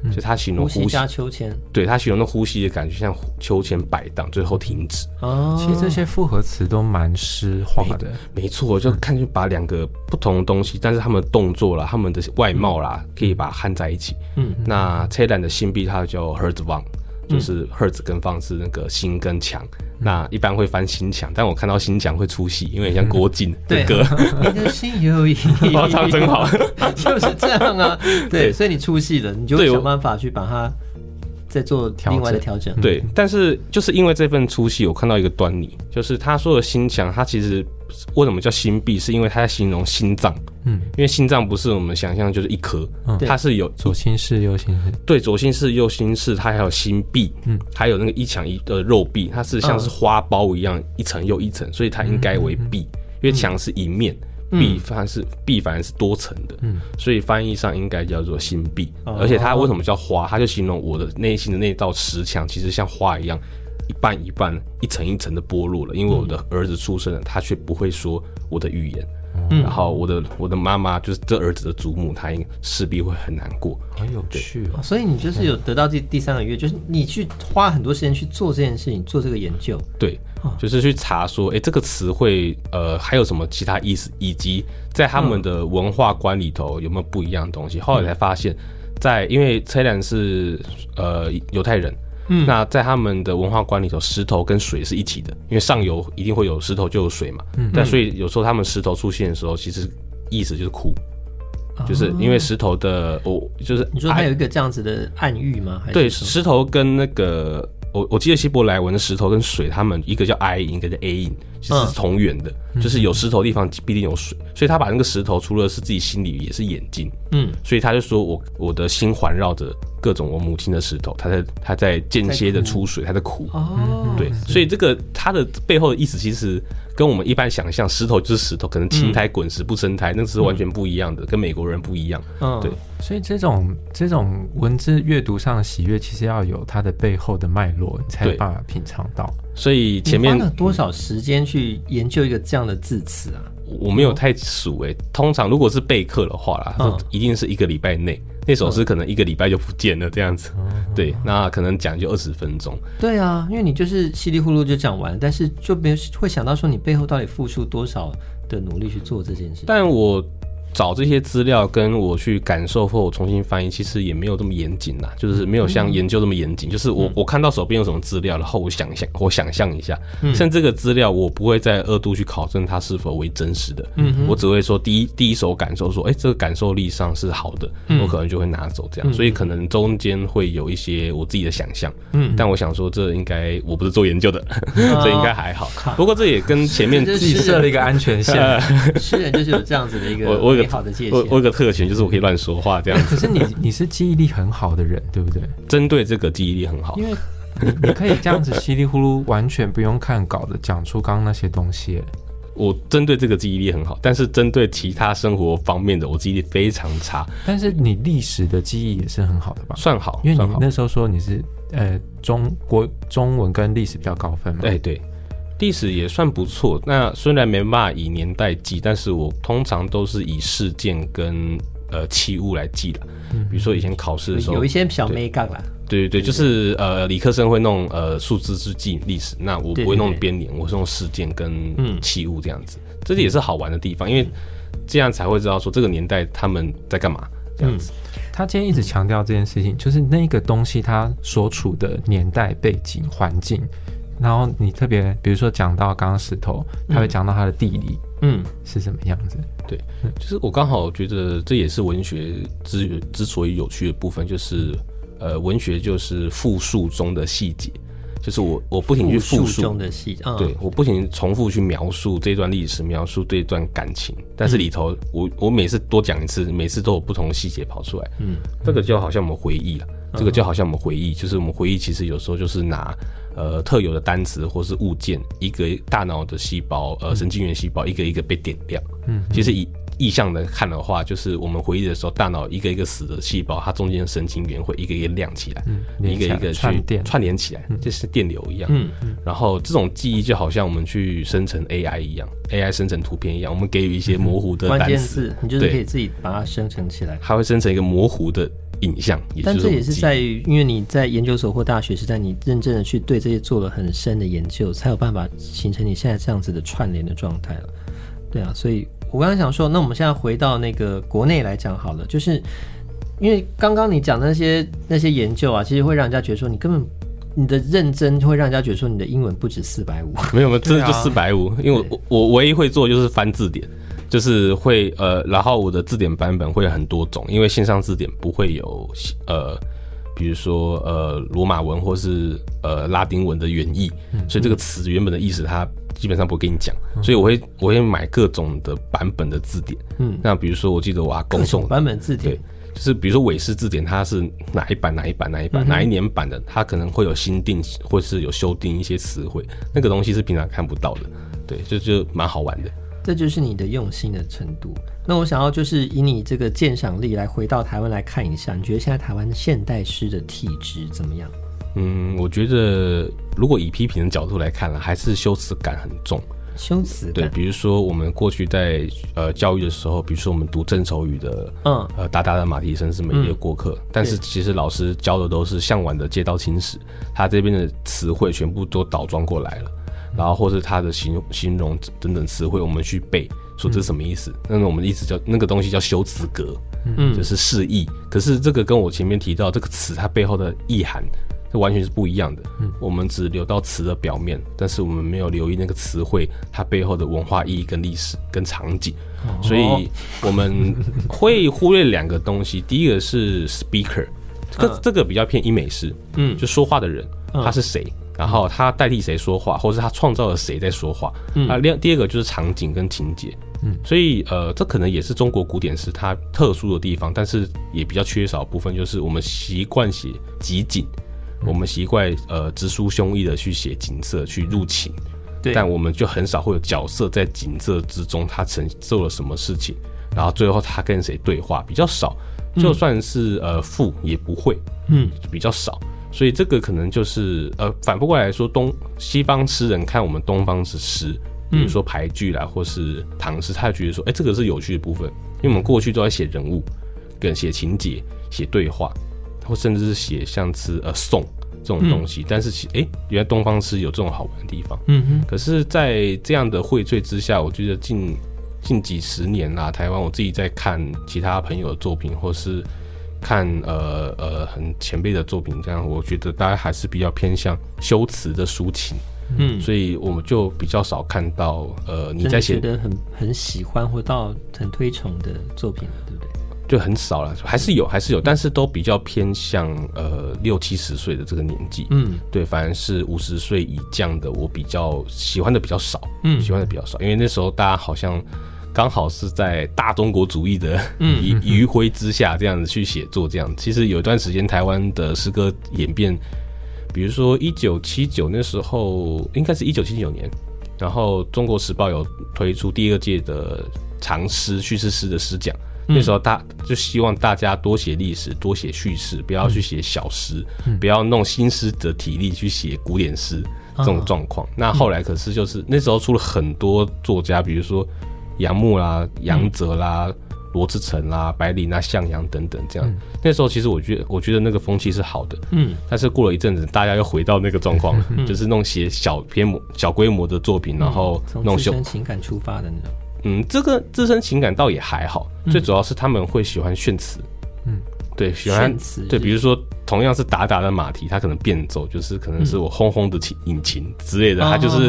所以他，嗯、形容呼吸，呼吸，秋千對他形容那呼吸的感覺像秋千擺盪，最後停止。哦，其實這些複合詞都蠻詩化的，沒錯，我就看就把兩個不同的東西，嗯、但是他們的動作啦，他們的外貌啦，嗯、可以把它焊在一起。嗯，那車蘭的新幣它叫 h e r t v o n e 就是赫子跟放是那個心跟牆，嗯、那一般會翻心牆，但我看到心牆會出戲，因為很像郭靜、嗯、 心有意義。包裝 真好， 就是這樣啊。對，對所以你出戲了，你就想辦法去把它再做另外的調整對。對，但是就是因為這份出戲，我看到一個端倪，就是他說的心牆，他其實。為什麼叫心壁？是因為它在形容心臟。嗯，因為心臟不是我們想象就是一顆，嗯、它是有左心室、右心室。對，左心室、右心室，它還有心壁。嗯，還有那個一牆一的、呃、肉壁，它是像是花苞一樣，嗯、一層又一層，所以它應該為壁。嗯、因為牆是一面，壁反而是壁、嗯、反而是多層的。嗯，所以翻譯上應該叫做心壁。嗯、而且它為什麼叫花？它就形容我的內心的那道石牆，其實像花一樣。一半一半，一層一層的剝落了。因為我的兒子出生了，他卻不會說我的語言。嗯、然後我，我的我的媽媽就是這兒子的祖母，他應勢必會很難過。很有趣、哦對啊，所以你就是有得到這第三個月，啊、就是你去花很多時間去做這件事情，做這個研究。對，就是去查說，哎、欸，這個詞彙呃還有什麼其他意思，以及在他們的文化觀裡頭有沒有不一樣的東西。嗯、後來才發現，在因為策蘭是呃猶太人。嗯、那在他們的文化觀裡頭，石頭跟水是一體的，因為上游一定會有石頭就有水嘛。嗯，嗯，但所以有時候他們石頭出現的時候，其實意思就是哭，嗯、就是因為石頭的我、哦、就是 I，你說還有一個這樣子的暗喻嗎？還是對，石頭跟那個我我記得希伯來文的石頭跟水，他們一個叫 I，一個叫 A。就是同源的，就是有石頭的地方必定有水，所以他把那個石頭除了是自己心裡也是眼睛，嗯，所以他就說，我我的心環繞着各種我母親的石頭，他在他在間接的出水，他在哭。對，所以這個他的背後的意思其實跟我們一般想象，石頭就是石頭，可能青苔滾石不生苔，那是完全不一樣的，跟美國人不一樣，嗯，對，所以這種這種文字閱讀上的喜悅，其實要有它的背後的脈絡，你才有辦法品嘗到。所以前面花了多少時間去研究一個這樣的字詞啊？我沒有太數哎、欸。Oh. 通常如果是備課的話啦，oh. 一定是一個禮拜內，那首詩可能一個禮拜就不見了這樣子。Oh. 對，那可能講就二十分鐘。對啊，因為你就是稀里糊塗就講完，但是就沒有會想到說你背後到底付出多少的努力去做這件事。但我。找這些資料跟我去感受，或我重新翻譯，其實也沒有這麼嚴謹啦。就是沒有像研究這麼嚴謹。就是我我看到手邊有什麼資料了後，我想象我想象一下，像這個資料我不會再二度去考證它是否為真實的，我只會說第一第一手感受說，哎，這個感受力上是好的，我可能就會拿走這樣，所以可能中間會有一些我自己的想象，嗯，但我想說這應該我不是做研究的，這應該還好，不過這也跟前面自己設了一個安全線，詩人就是有這樣子的一個美好的界限，我有個特權，就是我可以亂說話這樣。可是你你是記憶力很好的人，對不對？針對這個記憶力很好，因為你你可以這樣子稀里糊塗，完全不用看稿的講出剛剛那些東西。 我針對這個記憶力很好，但是針對其他生活方面的，我記憶力非常差。但是你歷史的記憶也是很好的吧？算好，因為你那時候說你是呃中國中文跟歷史比較高分嘛。哎，對。歷史也算不錯，那雖然沒辦法以年代記，但是我通常都是以事件跟呃器物來記的。嗯、比如說以前考試的時候，有一些小美感啦。對對對，就是對對對呃理科生會弄呃數字去記歷史，那我不會弄編年，對對對，我是用事件跟器物這樣子。嗯、這也是好玩的地方，因為這樣才會知道說這個年代他們在幹嘛這樣子。樣子，嗯、他今天一直強調這件事情，嗯、就是那個東西他所處的年代背景環境。然後你特別，比如說講到剛剛石頭，他會講到他的地理，嗯，是什麼樣子？對，就是我剛好覺得這也是文學之之所以有趣的部分，就是呃，文學就是復述中的細節，就是我我不停去復述中的細節，對，我不停重複去描述這段歷史，描述這段感情，但是裡頭我、嗯、我每次多講一次，每次都有不同的細節跑出來，嗯，這個就好像我們回憶了，嗯、這個就好像我們回憶，就是我們回憶其實有時候就是拿。呃，特有的單詞或是物件，一個大腦的細胞，呃，神經元細胞，一個一個被點亮，嗯。嗯，其實以意象的看的話，就是我們回憶的時候，大腦一個一個死的細胞，它中間的神經元會一個一個亮起來，嗯，一個一個去串聯起來，嗯，就是電流一樣。嗯，嗯，然後這種記憶就好像我們去生成 AI 一樣，AI 生成圖片一樣，我們給予一些模糊的單詞，對，嗯，你就是可以自己把它生成起來，它會生成一個模糊的影像，但這也是在於因為你在研究所或大學時代你認真的去對這些做了很深的研究，才有辦法形成你現在這樣子的串聯的狀態了。對啊，所以我剛剛想說，那我們現在回到那個國內來講好了，就是因為剛剛你講的那些那些研究啊，其實會讓人家覺得說你根本你的認真會讓人家覺得說你的英文不止四百五，沒有沒有，真的就四百五，因為我對我唯一會做的就是翻字典。就是會呃，然後我的字典版本會有很多種，因為線上字典不會有呃，比如說呃羅馬文或是呃拉丁文的原意，嗯嗯、所以這個詞原本的意思，它基本上不會跟你講，嗯、所以我會我會買各種的版本的字典。嗯，那比如說我記得我阿公送的各種版本字典，對，就是比如說韋氏字典，它是哪一版哪一版哪一版哪一年版的，嗯、版的它可能會有新定或是有修訂一些詞彙，嗯、那個東西是平常看不到的，對，就就蠻好玩的。這就是你的用心的程度。那我想要就是以你這個鑑賞力來回到台灣來看一下，你覺得現在台灣現代詩的體質怎麼樣？嗯，我覺得如果以批評的角度來看，啊，還是修辭感很重。修辭對，比如說我們過去在呃教育的時候，比如說我們讀鄭愁予的，嗯，呃，噠噠的馬蹄聲是每一個過客，嗯，但是其實老師教的都是向晚的街道青石，對他這邊的詞彙全部都倒裝過來了。然後，或者他的形容、形容等等詞彙，我們去背，說這是什麼意思？嗯、那我們一直叫那個東西叫修辭格，嗯，就是示意。可是這個跟我前面提到這個詞它背後的意涵，這完全是不一樣的。嗯，我們只留到詞的表面，但是我們沒有留意那個詞彙它背後的文化意義、跟歷史、跟場景，哦、所以我們會忽略兩個東西。 第一個是 speaker，這這個比較偏英美式，嗯，就說話的人，嗯、他是誰？然後他代替誰說話，或是他創造了誰在說話？那另、嗯啊、第二個就是場景跟情節。嗯，所以呃，這可能也是中國古典詩它特殊的地方，但是也比較缺少的部分，就是我們習慣寫即景，嗯、我們習慣呃直抒胸臆的去寫景色去入情，嗯、對，但我們就很少會有角色在景色之中，他承受了什麼事情，然後最後他跟誰對話比較少，就算是、嗯、呃賦也不會，嗯，比較少。所以這個可能就是呃，反不過來說，東西方詩人看我們東方是詩，比如說俳句啦，或是唐詩，他覺得說，哎、欸，這個是有趣的部分，因為我們過去都在寫人物，跟寫情節、寫對話，或甚至是寫像詞呃送這種東西，但是其哎、欸，原來東方詩有這種好玩的地方。嗯哼。可是，在這樣的薈萃之下，我覺得近近幾十年啦，台灣我自己在看其他朋友的作品，或是看呃呃很前輩的作品，這樣我覺得大家還是比較偏向修辭的抒情，嗯，所以我們就比較少看到呃你在寫的覺得很很喜歡或到很推崇的作品了，對不對？就很少了，還是有還是有，嗯，但是都比較偏向呃六七十歲的這個年紀，嗯，對，反而是五十歲以降的我比較喜歡的比較少，嗯，喜歡的比較少，因為那時候大家好像。剛好是在大中國主義的餘餘暉之下，這樣子去寫作，這樣其實有一段時間台灣的詩歌演變，比如說一九七九那時候，應該是一九七九年，然後《中國時報》有推出第二屆的長詩、敘事詩的詩獎，嗯、那時候大就希望大家多寫歷史，多寫敘事，不要去寫小詩，嗯、不要弄新詩的體力去寫古典詩、啊、這種狀況。啊、那後來可是就是、嗯、那時候出了很多作家，比如說。楊牧啦、楊澤啦、羅智成啦、白靈那、啊、向陽等等，這樣、嗯、那時候其實我覺得我覺得那個風氣是好的，嗯，但是過了一陣子，大家又回到那個狀況，嗯、就是弄些小篇小規模的作品，然後弄秀、嗯、從自身情感出發的那種，嗯，這個自身情感倒也還好，嗯、最主要是他們會喜歡炫詞。對，喜歡是不是對，比如說同樣是達達的馬蹄，他可能變奏就是可能是我轟轟的引擎之類的，他、嗯、就是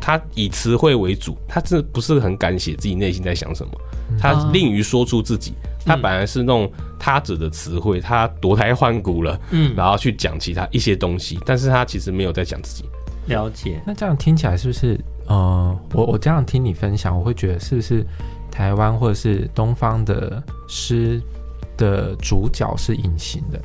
他以詞彙為主，他是不是很敢寫自己內心在想什麼？他吝於說出自己，他、嗯、本來是那種他者的詞彙，他奪胎換骨了，嗯，然後去講其他一些東西，但是他其實沒有在講自己。了解、嗯，那這樣聽起來是不是嗯、呃，我我這樣聽你分享，我會覺得是不是台灣或者是東方的詩？的主角是隱形的，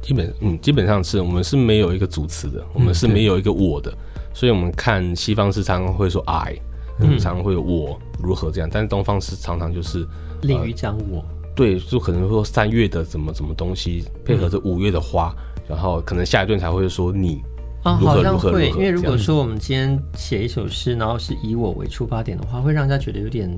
基本嗯，基本上是我們是沒有一個主詞的，嗯、我們是沒有一個我的，對所以我們看西方是常常會說 “I”，、嗯、常常會有“我”如何這樣，但是東方是常常就是利於講“呃、我”，對，就可能說三月的怎麼怎麼東西配合着五月的花，嗯、然後可能下一段才會說你如何如何如何“你、啊”，好像會，因為如果說我們今天寫一首詩，然後是以我為出發點的話，會讓人家覺得有點。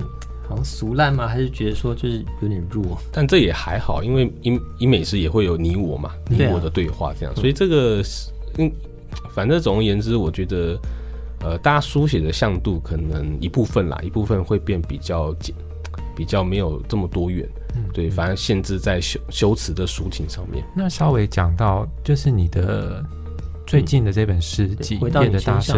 俗爛嗎？還是覺得說就是有點弱？但這也還好，因為飲飲美食也會有你我嘛，你、啊、我的對話這樣，所以這個嗯，反正總而言之，我覺得呃，大家書寫的向度可能一部分啦，一部分會變比較簡，比較沒有這麼多元，嗯，對，反正限制在修修辭的抒情上面。那稍微講到就是你的最近的這本詩集《夜的大赦》，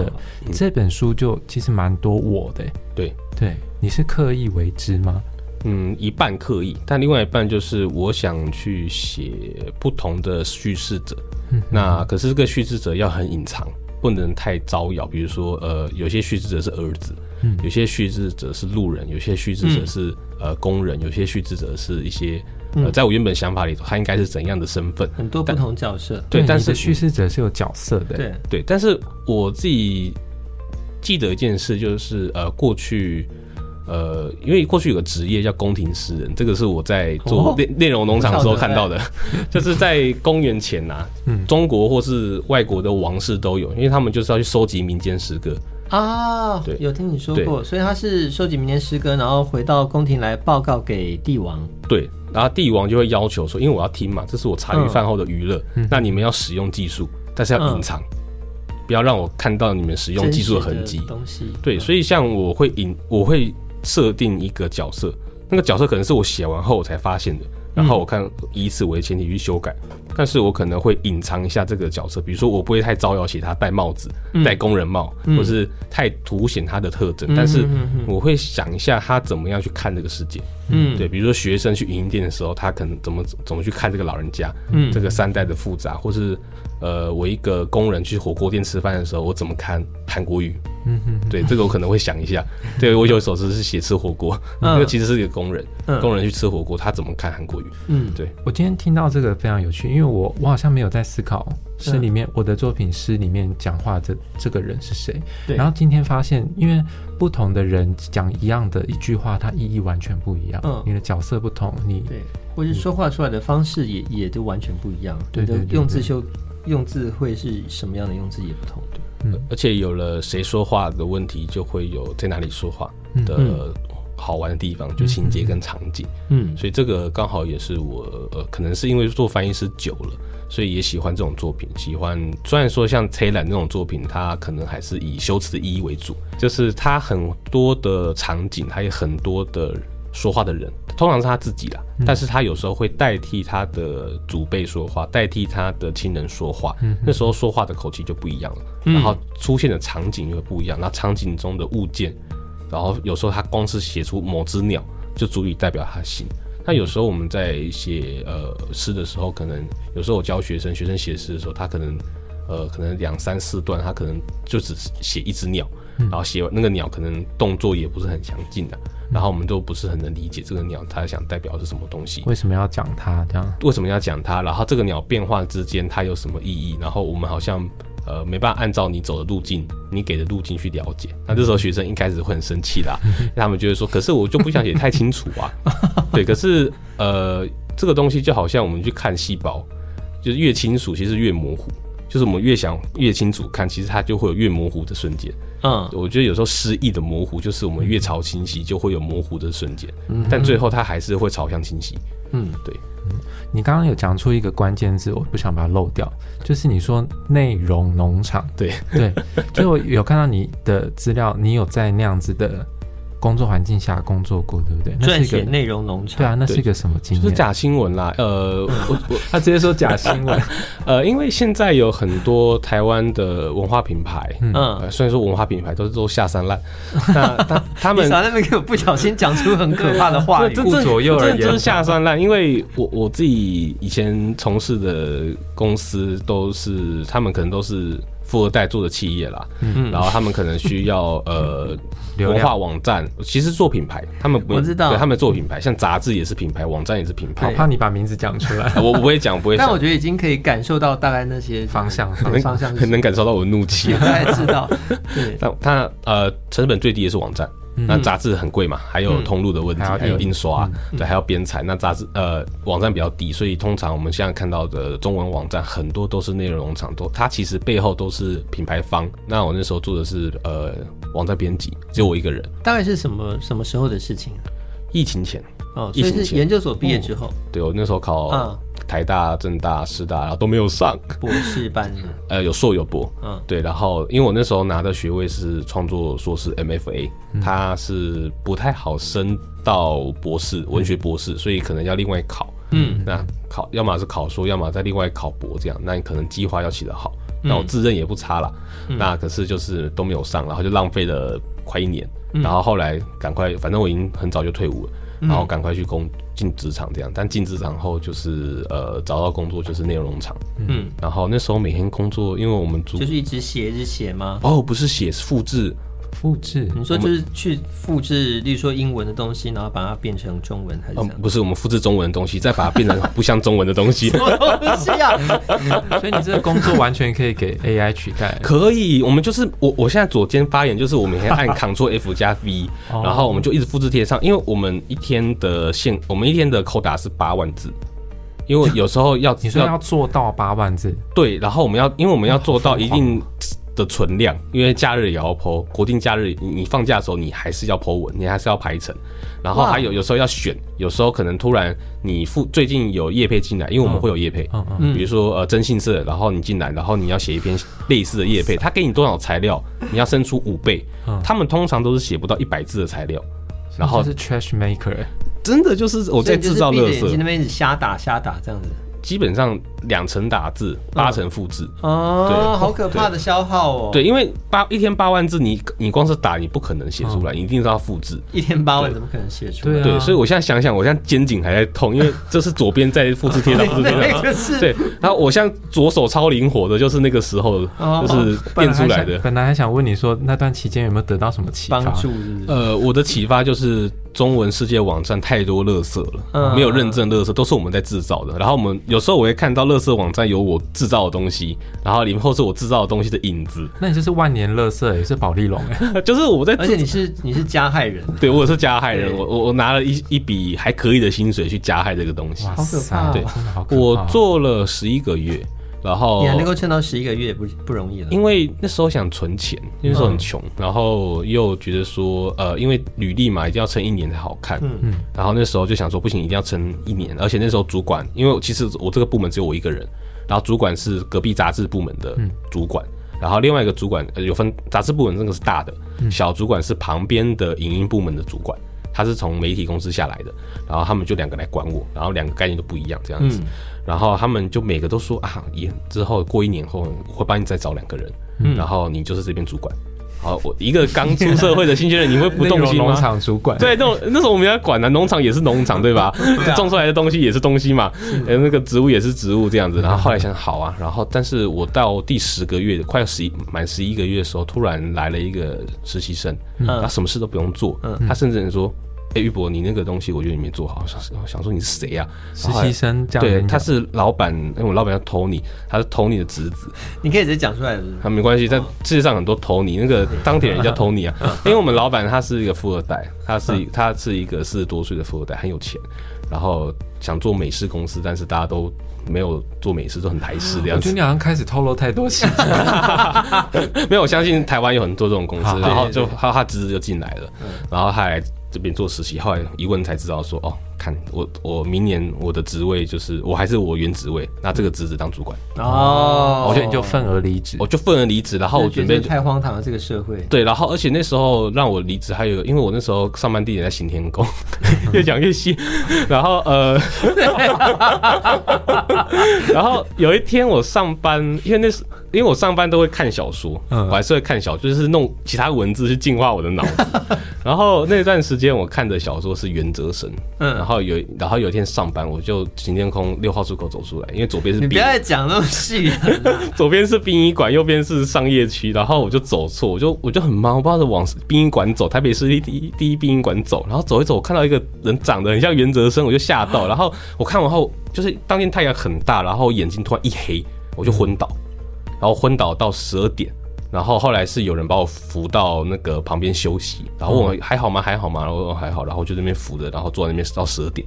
嗯，這本書就其實蠻多我的、欸，對。對，你是刻意為之嗎？嗯，一半刻意，但另外一半就是我想去寫不同的敘事者。嗯哼哼，那可是這個敘事者要很隱藏，不能太招搖。比如說，呃，有些敘事者是兒子，嗯，有些敘事者是路人，有些敘事者是、嗯、呃工人，有些敘事者是一些、嗯、呃，在我原本想法裡頭，他應該是怎樣的身份？很多不同角色。對，但是敘事者是有角色的。對，對，但是我自己記得一件事，就是呃，過去，呃，因為過去有個職業叫宮廷詩人，這個是我在做內內容農場的時候看到的，哦、 就是在公元前吶、啊， 中國或是外國的王室都有，因為他們就是要去收集民間詩歌啊。對有聽你說過，對所以他是收集民間詩歌，然後回到宮廷來報告給帝王。對，然後帝王就會要求說，因為我要聽嘛，這是我茶餘飯後的娛樂，嗯、那你們要使用技術，但是要隱藏。嗯不要讓我看到你們使用技術的痕跡。東西對，嗯、所以像我會隱，我會設定一個角色，那個角色可能是我寫完後我才發現的，然後我看以此為前提去修改，嗯、但是我可能會隱藏一下這個角色，比如說我不會太招搖寫他戴帽子，嗯、戴工人帽，嗯、或是太凸顯他的特徵，嗯、哼哼哼但是我會想一下他怎麼樣去看這個世界。嗯，對，比如說學生去營店的時候，他可能怎麼怎麼去看這個老人家，嗯、這個三代的複雜，或是。呃，我一個工人去火鍋店吃飯的時候，我怎麼看韓國語？嗯，對，這個我可能會想一下。對，我有首詩是寫吃火鍋，因為其實是一個工人，工人去吃火鍋，他怎麼看韓國語？嗯，對，我今天聽到這個非常有趣，因為我我好像沒有在思考詩裡面我的作品詩裡面講話的這個人是誰。對，然後今天發現，因為不同的人講一樣的一句話，它意義完全不一樣。嗯，你的角色不同，你對，或者說話出來的方式也也都完全不一樣。對，用自修。用字會是什麼樣的？用字也不同，對，嗯，而且有了誰說話的問題，就會有在哪裡說話的好玩的地方，就情節跟場景，嗯，所以這個剛好也是我呃，可能是因為做翻譯師久了，所以也喜歡這種作品。喜歡，雖然說像策蘭這種作品，它可能還是以修辭的意義為主，就是它很多的場景，還有很多的。說話的人通常是他自己啦，嗯、但是他有時候會代替他的祖輩說話，代替他的親人說話。嗯、哼那時候說話的口氣就不一樣了，嗯、然後出現的場景也會不一樣。那場景中的物件，然後有時候他光是寫出某隻鳥就足以代表他心。那有時候我們在寫呃詩的時候，可能有時候我教學生，學生寫詩的時候，他可能呃可能兩三四段，他可能就只寫一隻鳥，嗯、然後寫完那個鳥可能動作也不是很強勁的。然後我們都不是很能理解這個鳥，它想代表的是什麼東西？為什麼要講它這樣？為什麼要講它？然後這個鳥變化之間它有什麼意義？然後我們好像呃沒辦法按照你走的路徑，你給的路徑去了解。那這時候學生一開始會很生氣啦， 因為他們就會說：“可是我就不想寫太清楚啊。” 對，可是呃這個東西就好像我們去看細胞，就是越清楚其實越模糊。就是我們越想越清楚看，其實它就會有越模糊的瞬間。嗯，我覺得有時候詩意的模糊，就是我們越朝清晰，就會有模糊的瞬間。嗯哼，但最後它還是會朝向清晰。嗯，對。嗯、你剛剛有講出一個關鍵字，我不想把它漏掉，就是你說內容農場。對對，就我有看到你的資料，你有在那樣子的。工作環境下工作過，對不對？撰寫內容農場，對啊，那是一個什麼經驗？就是假新聞啦，呃，我我他直接說假新聞，呃，因為現在有很多台灣的文化品牌，嗯，雖然說文化品牌都是都下三濫，那他他們那不小心講出很可怕的話？左右就是下三濫，因為我我自己以前從事的公司都是，他們可能都是。富二代做的企業啦，嗯，然後他們可能需要呃，文量化網站，其實做品牌，他們不知道對，他們做品牌，像雜誌也是品牌，網站也是品牌。我怕你把名字講出來， 我不會講，不會講。 但我覺得已經可以感受到大概那些方向，能方向能感受到我的怒氣啊，大概知道？對，但它呃，成本最低也是網站。那雜誌很貴嘛，還有通路的問題，嗯、還有印刷，有嗯、對，還要編採。那雜誌呃，網站比較低，所以通常我們現在看到的中文網站很多都是內容農場做，它其實背後都是品牌方。那我那時候做的是呃網站編輯，只有我一個人。大概是什麼什麼時候的事情啊？疫情前。哦，所以是研究所畢業之後？哦、對，我那時候考台大、政大、師大，然後都沒有上博士班呢。呃，有碩有博，嗯、啊，對，然後因為我那時候拿的學位是創作碩士 MFA，它是不太好升到博士、嗯、文學博士，所以可能要另外考，嗯，那考要麼是考碩，要麼再另外考博這樣，那你可能計劃要起得好，那我自認也不差啦，嗯、那可是就是都沒有上，然後就浪費了快一年，然後後來趕快，反正我已經很早就退伍了。然後趕快去工進職場，這樣。但進職場後，就是呃找到工作就是內容農場，嗯。然後那時候每天工作，因為我們組就是一直寫一直寫嗎？哦，不是寫，是複製。複製，你說就是去複製，例如說英文的東西，然後把它變成中文，還是？不是，我們複製中文的東西，再把它變成不像中文的東西。不、 啊、 所以你這個工作完全可以給 AI 取代。可以，我們就是我，我現在左肩發炎，就是我每天按 Ctrl F 加 V， 然後我們就一直複制貼上，因為我們一天的限，我們一天的扣打是八萬字，因為有時候要， 你說要做到八萬字，對，然後我們要，因為我們要做到一定。的存量，因為假日也要 po，國定假日你放假的時候，你還是要 po 文，你還是要排程，然後還有 Wow. 有時候要選，有時候可能突然你附最近有業配進來，因為我們會有業配，嗯嗯，比如說呃徵信社，然後你進來，然後你要寫一篇類似的業配，他、oh. 給你多少材料，你要生出五倍，oh. 他們通常都是寫不到一百字的材料，oh. 然後是 trash maker，真的就是我在製造垃圾。你那邊一直瞎打瞎打這樣子。基本上兩成打字，八成複製哦，好可怕的消耗哦。對，因為八一天八萬字，你你光是打你不可能寫出來，你一定是要複製。一天八萬怎麼可能寫出來？對，所以我現在想想，我現在肩頸還在痛，因為這是左邊在複製貼到右邊。對，就對。然後我像左手超靈活的，就是那個時候就是變出來的。本來還想問你說，那段期間有沒有得到什麼啟發？呃，我的啟發就是。中文世界網站太多垃圾了，沒有認證，垃圾都是我們在製造的。然後我們有時候我會看到垃圾網站有我製造的東西，然後裡面後是我製造的東西的影子，那你就是萬年垃圾，也是保麗龍， 就是我在製造。而且你是你是加害人，啊， 對，我是加害人，我我對我拿了一一筆還可以的薪水去加害這個東西，好可怕塞，對，喔，我做了十一個月。然後你還能夠撐到十一個月，不不容易了。因為那時候想存錢，那時候很窮，然後又覺得說，呃，因為履歷嘛，一定要撐一年才好看。嗯嗯。然後那時候就想說，不行，一定要撐一年。而且那時候主管，因為其實我這個部門只有我一個人，然後主管是隔壁雜誌部門的主管，然後另外一個主管有分雜誌部門，這個是大的，小主管是旁邊的影音部門的主管，他是從媒體公司下來的，然後他們就兩個來管我，然後兩個概念都不一樣，這樣子。然後他們就每個都說啊，也之後過一年後會幫你再找兩個人，嗯、然後你就是這邊主管。好，我一個剛出社會的新鮮人， 你會不動心嗎？農場主管。對，那種那時候我們要管的、啊、農場也是農場，對吧？種、 啊、出來的東西也是東西嘛是、欸，那個植物也是植物這樣子。然後後來想，好啊。然後，但是我到第十個月，快十一滿十一個月的時候，突然來了一個實習生，嗯、他什麼事都不用做，嗯、他甚至能說。哎，馭博，你那個東西我覺得你沒做好，想說想說你是誰呀，啊？實習生這樣。對，他是老闆，因為我老闆叫 Tony，他是 Tony 的侄子。你可以直接講出來的，他，啊，沒關係。哦，但世界上很多 Tony，那個當地人叫 Tony 啊，哦哦，因為我們老闆他是一個富二代，他是，嗯，他是一個四十多歲的富二代，很有錢，然後想做美式公司，但是大家都沒有做美式，都很台式的樣子哦。我覺得你好像開始透露太多信息了。哈哈哈哈 沒有，我相信台灣有很多這種公司，然後就他他侄子就進來了，嗯，然後他這邊做實習，後來一問才知道說，說哦，看我我明年我的職位就是我還是我原職位，那這個侄子當主管哦，我覺得你就憤而離職，我就憤而離職，離職的然後我準備太荒唐了，這個社會對，然後而且那時候讓我離職還有，因為我那時候上班地點在行天宮， 越講越細，然後呃， 然後有一天我上班，因為那時。因為我上班都會看小說，嗯，我還是會看小，就是弄其他文字去淨化我的腦子。 然後那段時間我看的小說是袁哲生，嗯，然後有然後有一天上班我就行天宮六號出口走出來，因為左邊是你不要再講那麼細， 左邊是殯儀館，右邊是商業區。然後我就走錯，我就我就很忙，我不知道是往殯儀館走，台北市第一第一殯儀館走。然後走一走，我看到一個人長得很像袁哲生，我就嚇到。然後我看完後，就是當天太陽很大，然後眼睛突然一黑，我就昏倒。然後昏倒到十二點，然後後來是有人把我扶到那個旁邊休息，然後問我、嗯、還好嗎？還好嗎？然後我還好，然後就在那邊扶着，然後坐在那邊到十二點，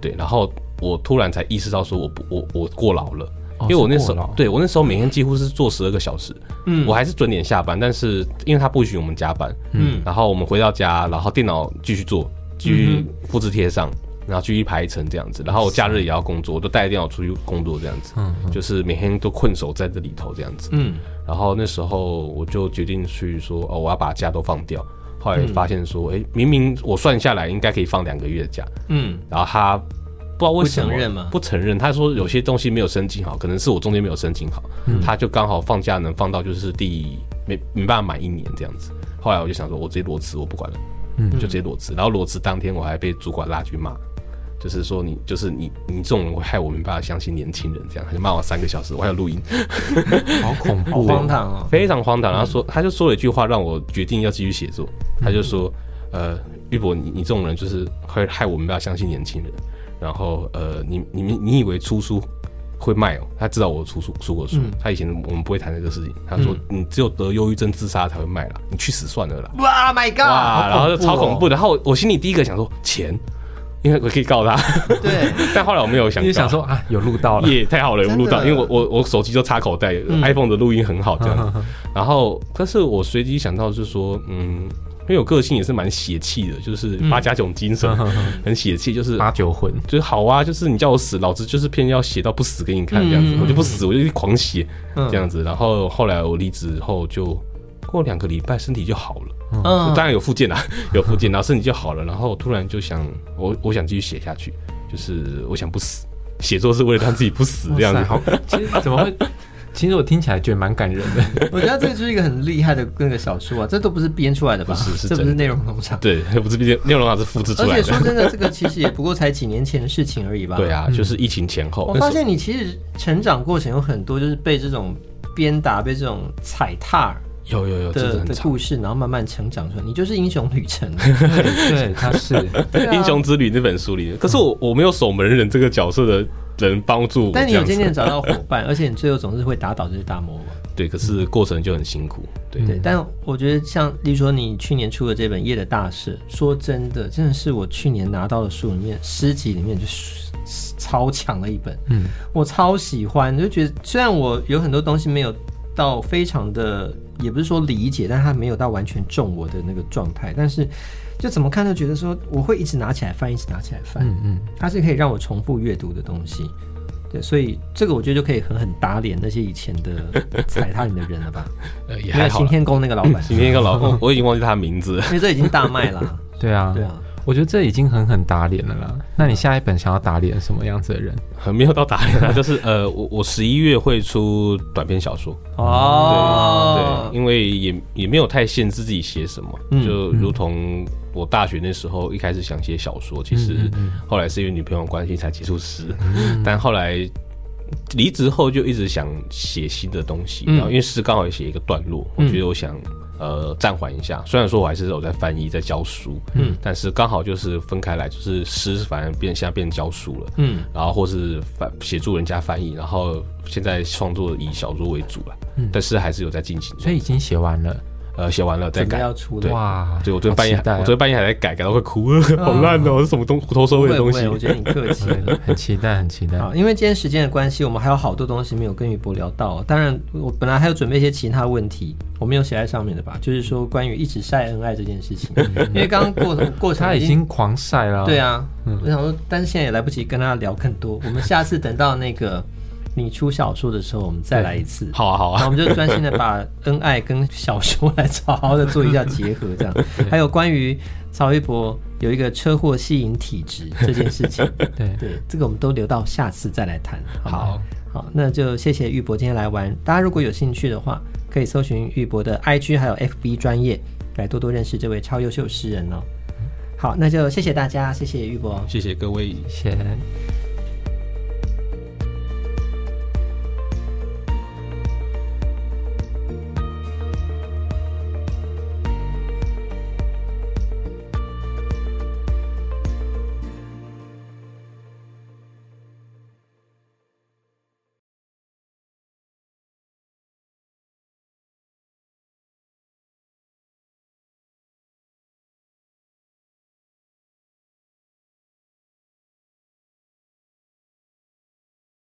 對，然後我突然才意識到說我不我我過勞了，哦、因為我那時候對我那時候每天幾乎是坐十二個小時，嗯，我還是準點下班，但是因為他不允許我們加班，嗯，嗯然後我們回到家，然後電腦繼續做，繼續複製貼上。嗯然後去一排一層這樣子，然後我假日也要工作，我都帶電腦出去工作這樣子，嗯，就是每天都困守在這裡頭這樣子，嗯，然後那時候我就決定去說，哦，我要把假都放掉。後來發現說，誒，明明我算下來應該可以放兩個月假，嗯，然後他不知道為什麼不承認，嗯，他說有些東西沒有申請好，可能是我中間沒有申請好，他就剛好放假能放到就是第沒沒辦法滿一年這樣子。後來我就想說，我直接裸辭，我不管了，嗯，就直接裸辭。然後裸辭當天我還被主管拉去罵。就是說，你就是你你這種人會害我們不要相信年輕人，這樣，他就罵我三個小時，我還有錄音， 好恐怖、哦對，荒唐、哦、非常荒唐。然後說，他就說了一句話讓我決定要繼續寫作，嗯、他就說呃馭博，你你這種人就是會害我們不要相信年輕人，然後呃你你們你以為出書會賣哦、喔？他知道我出書出過書，嗯、，他以前我們不會談這個事情。他說、嗯、你只有得憂鬱症自殺才會賣了，你去死算了啦。哇 My God，哇，然後就超恐怖、哦哦、然後我心裡第一個想說錢。因為我可以告他，對。但後來我沒有想，就想說啊，有錄到了，耶，太好了，有錄到了。因為我我我手機就插口袋、嗯、iPhone 的錄音很好，這樣子。嗯嗯嗯、然後，但是我隨即想到，就是說，嗯，因為我個性也是蠻血氣的，就是八加九精神，嗯嗯嗯嗯、很血氣，就是八九魂，就是好啊，就是你叫我死，老子就是偏要寫到不死給你看，這樣子，嗯、我就不死，我就狂寫、嗯嗯、這樣子。然後後來我離職以後就，就過兩個禮拜，身體就好了。嗯，當然有復健啦，有復健、啊，然後你就好了。然後突然就想，我我想繼續寫下去，就是我想不死，寫作是為了讓自己不死，這樣子好。其實怎麼會？ 其實我聽起來覺得蠻感人的。 我覺得這就是一個很厲害的那個小說啊，這都不是編出來的吧？不是，是真 這不是內容農場？對，不是畢竟內容農場是複製出來的、嗯。而且說真的，這個其實也不過才幾年前的事情而已吧？對啊，就是疫情前後。我、嗯哦、發現你其實成長過程有很多，就是被這種鞭打，被這種踩踏。有有有，這的故事，然後慢慢成長出來，你就是英雄旅程 對。對，他是《啊、英雄之旅》那本書裡的。可是我、哦、我沒有守門人這個角色的人幫助，但你有漸漸找到夥伴， 而且你最後總是會打倒這些大魔王。對，可是過程就很辛苦。對、嗯、對，但我覺得像，例如說你去年出的這本《夜的大赦》，說真的，真的是我去年拿到的書裡面詩集裡面就超強的一本。嗯，我超喜歡，就覺得雖然我有很多東西沒有到非常的。也不是說理解，但他沒有到完全中我的那個狀態，但是就怎麼看都覺得說我會一直拿起來翻，一直拿起來翻，嗯嗯，嗯它，是可以讓我重複閱讀的東西，對，所以這個我覺得就可以狠狠打臉那些以前的踩踏你的人了吧？ 呃、也還好，還有新天宮那個老闆，新天宮老公， 我已經忘記他名字了， 因為這已經大賣了。 對啊，對啊。我覺得這已經狠狠打臉了啦。那你下一本想要打臉什麼樣子的人？ 沒有到打臉、啊，就是呃，我我十一月會出短篇小說哦對。對，因為也也沒有太限制自己寫什麼，嗯、就如同我大學那時候一開始想寫小說，嗯、其實後來是因為女朋友關係才結束詩，嗯嗯，但後來離職後就一直想寫新的東西，然後因為詩剛好也寫一個段落，嗯、我覺得我想。呃，暫緩一下。雖然說我還是有在翻譯，在教書，嗯，但是剛好就是分開來，就是詩，反而變現在變教書了，嗯，然後或是反協助人家翻譯，然後現在創作以小說為主了，嗯，但是還是有在進行，所以已經寫完了。呃，寫完了再改。要出來。對哇，對我昨天半夜，啊、我昨天半夜還在改，改到會哭了，啊、好爛哦、喔！是什麼東虎頭蛇尾的東西不會不會？我覺得你很客氣， 很期待，很期待。好，因為今天時間的關係，我們還有好多東西沒有跟馭博聊到喔。當然，我本來還有準備一些其他問題，我沒有寫在上面的吧？就是說，關於一直曬恩愛這件事情， 因為剛剛過過程、過程已他已經狂曬了。對啊，嗯、我想說，但是現在也來不及跟他聊更多。我們下次等到那個。 你出小說的時候，我們再來一次。好啊，好啊，好啊，我們就專心的把恩愛跟小說來好好的做一下結合，這樣。對還有關於曹馭博有一個車禍吸引體質這件事情，對對，這個我們都留到下次再來談。好，好，好，好，那就謝謝馭博今天來玩。大家如果有興趣的話，可以搜尋馭博的 IG 還有 FB 專頁，來多多認識這位超優秀詩人哦。好，那就謝謝大家，謝謝馭博，謝謝各位以前，謝。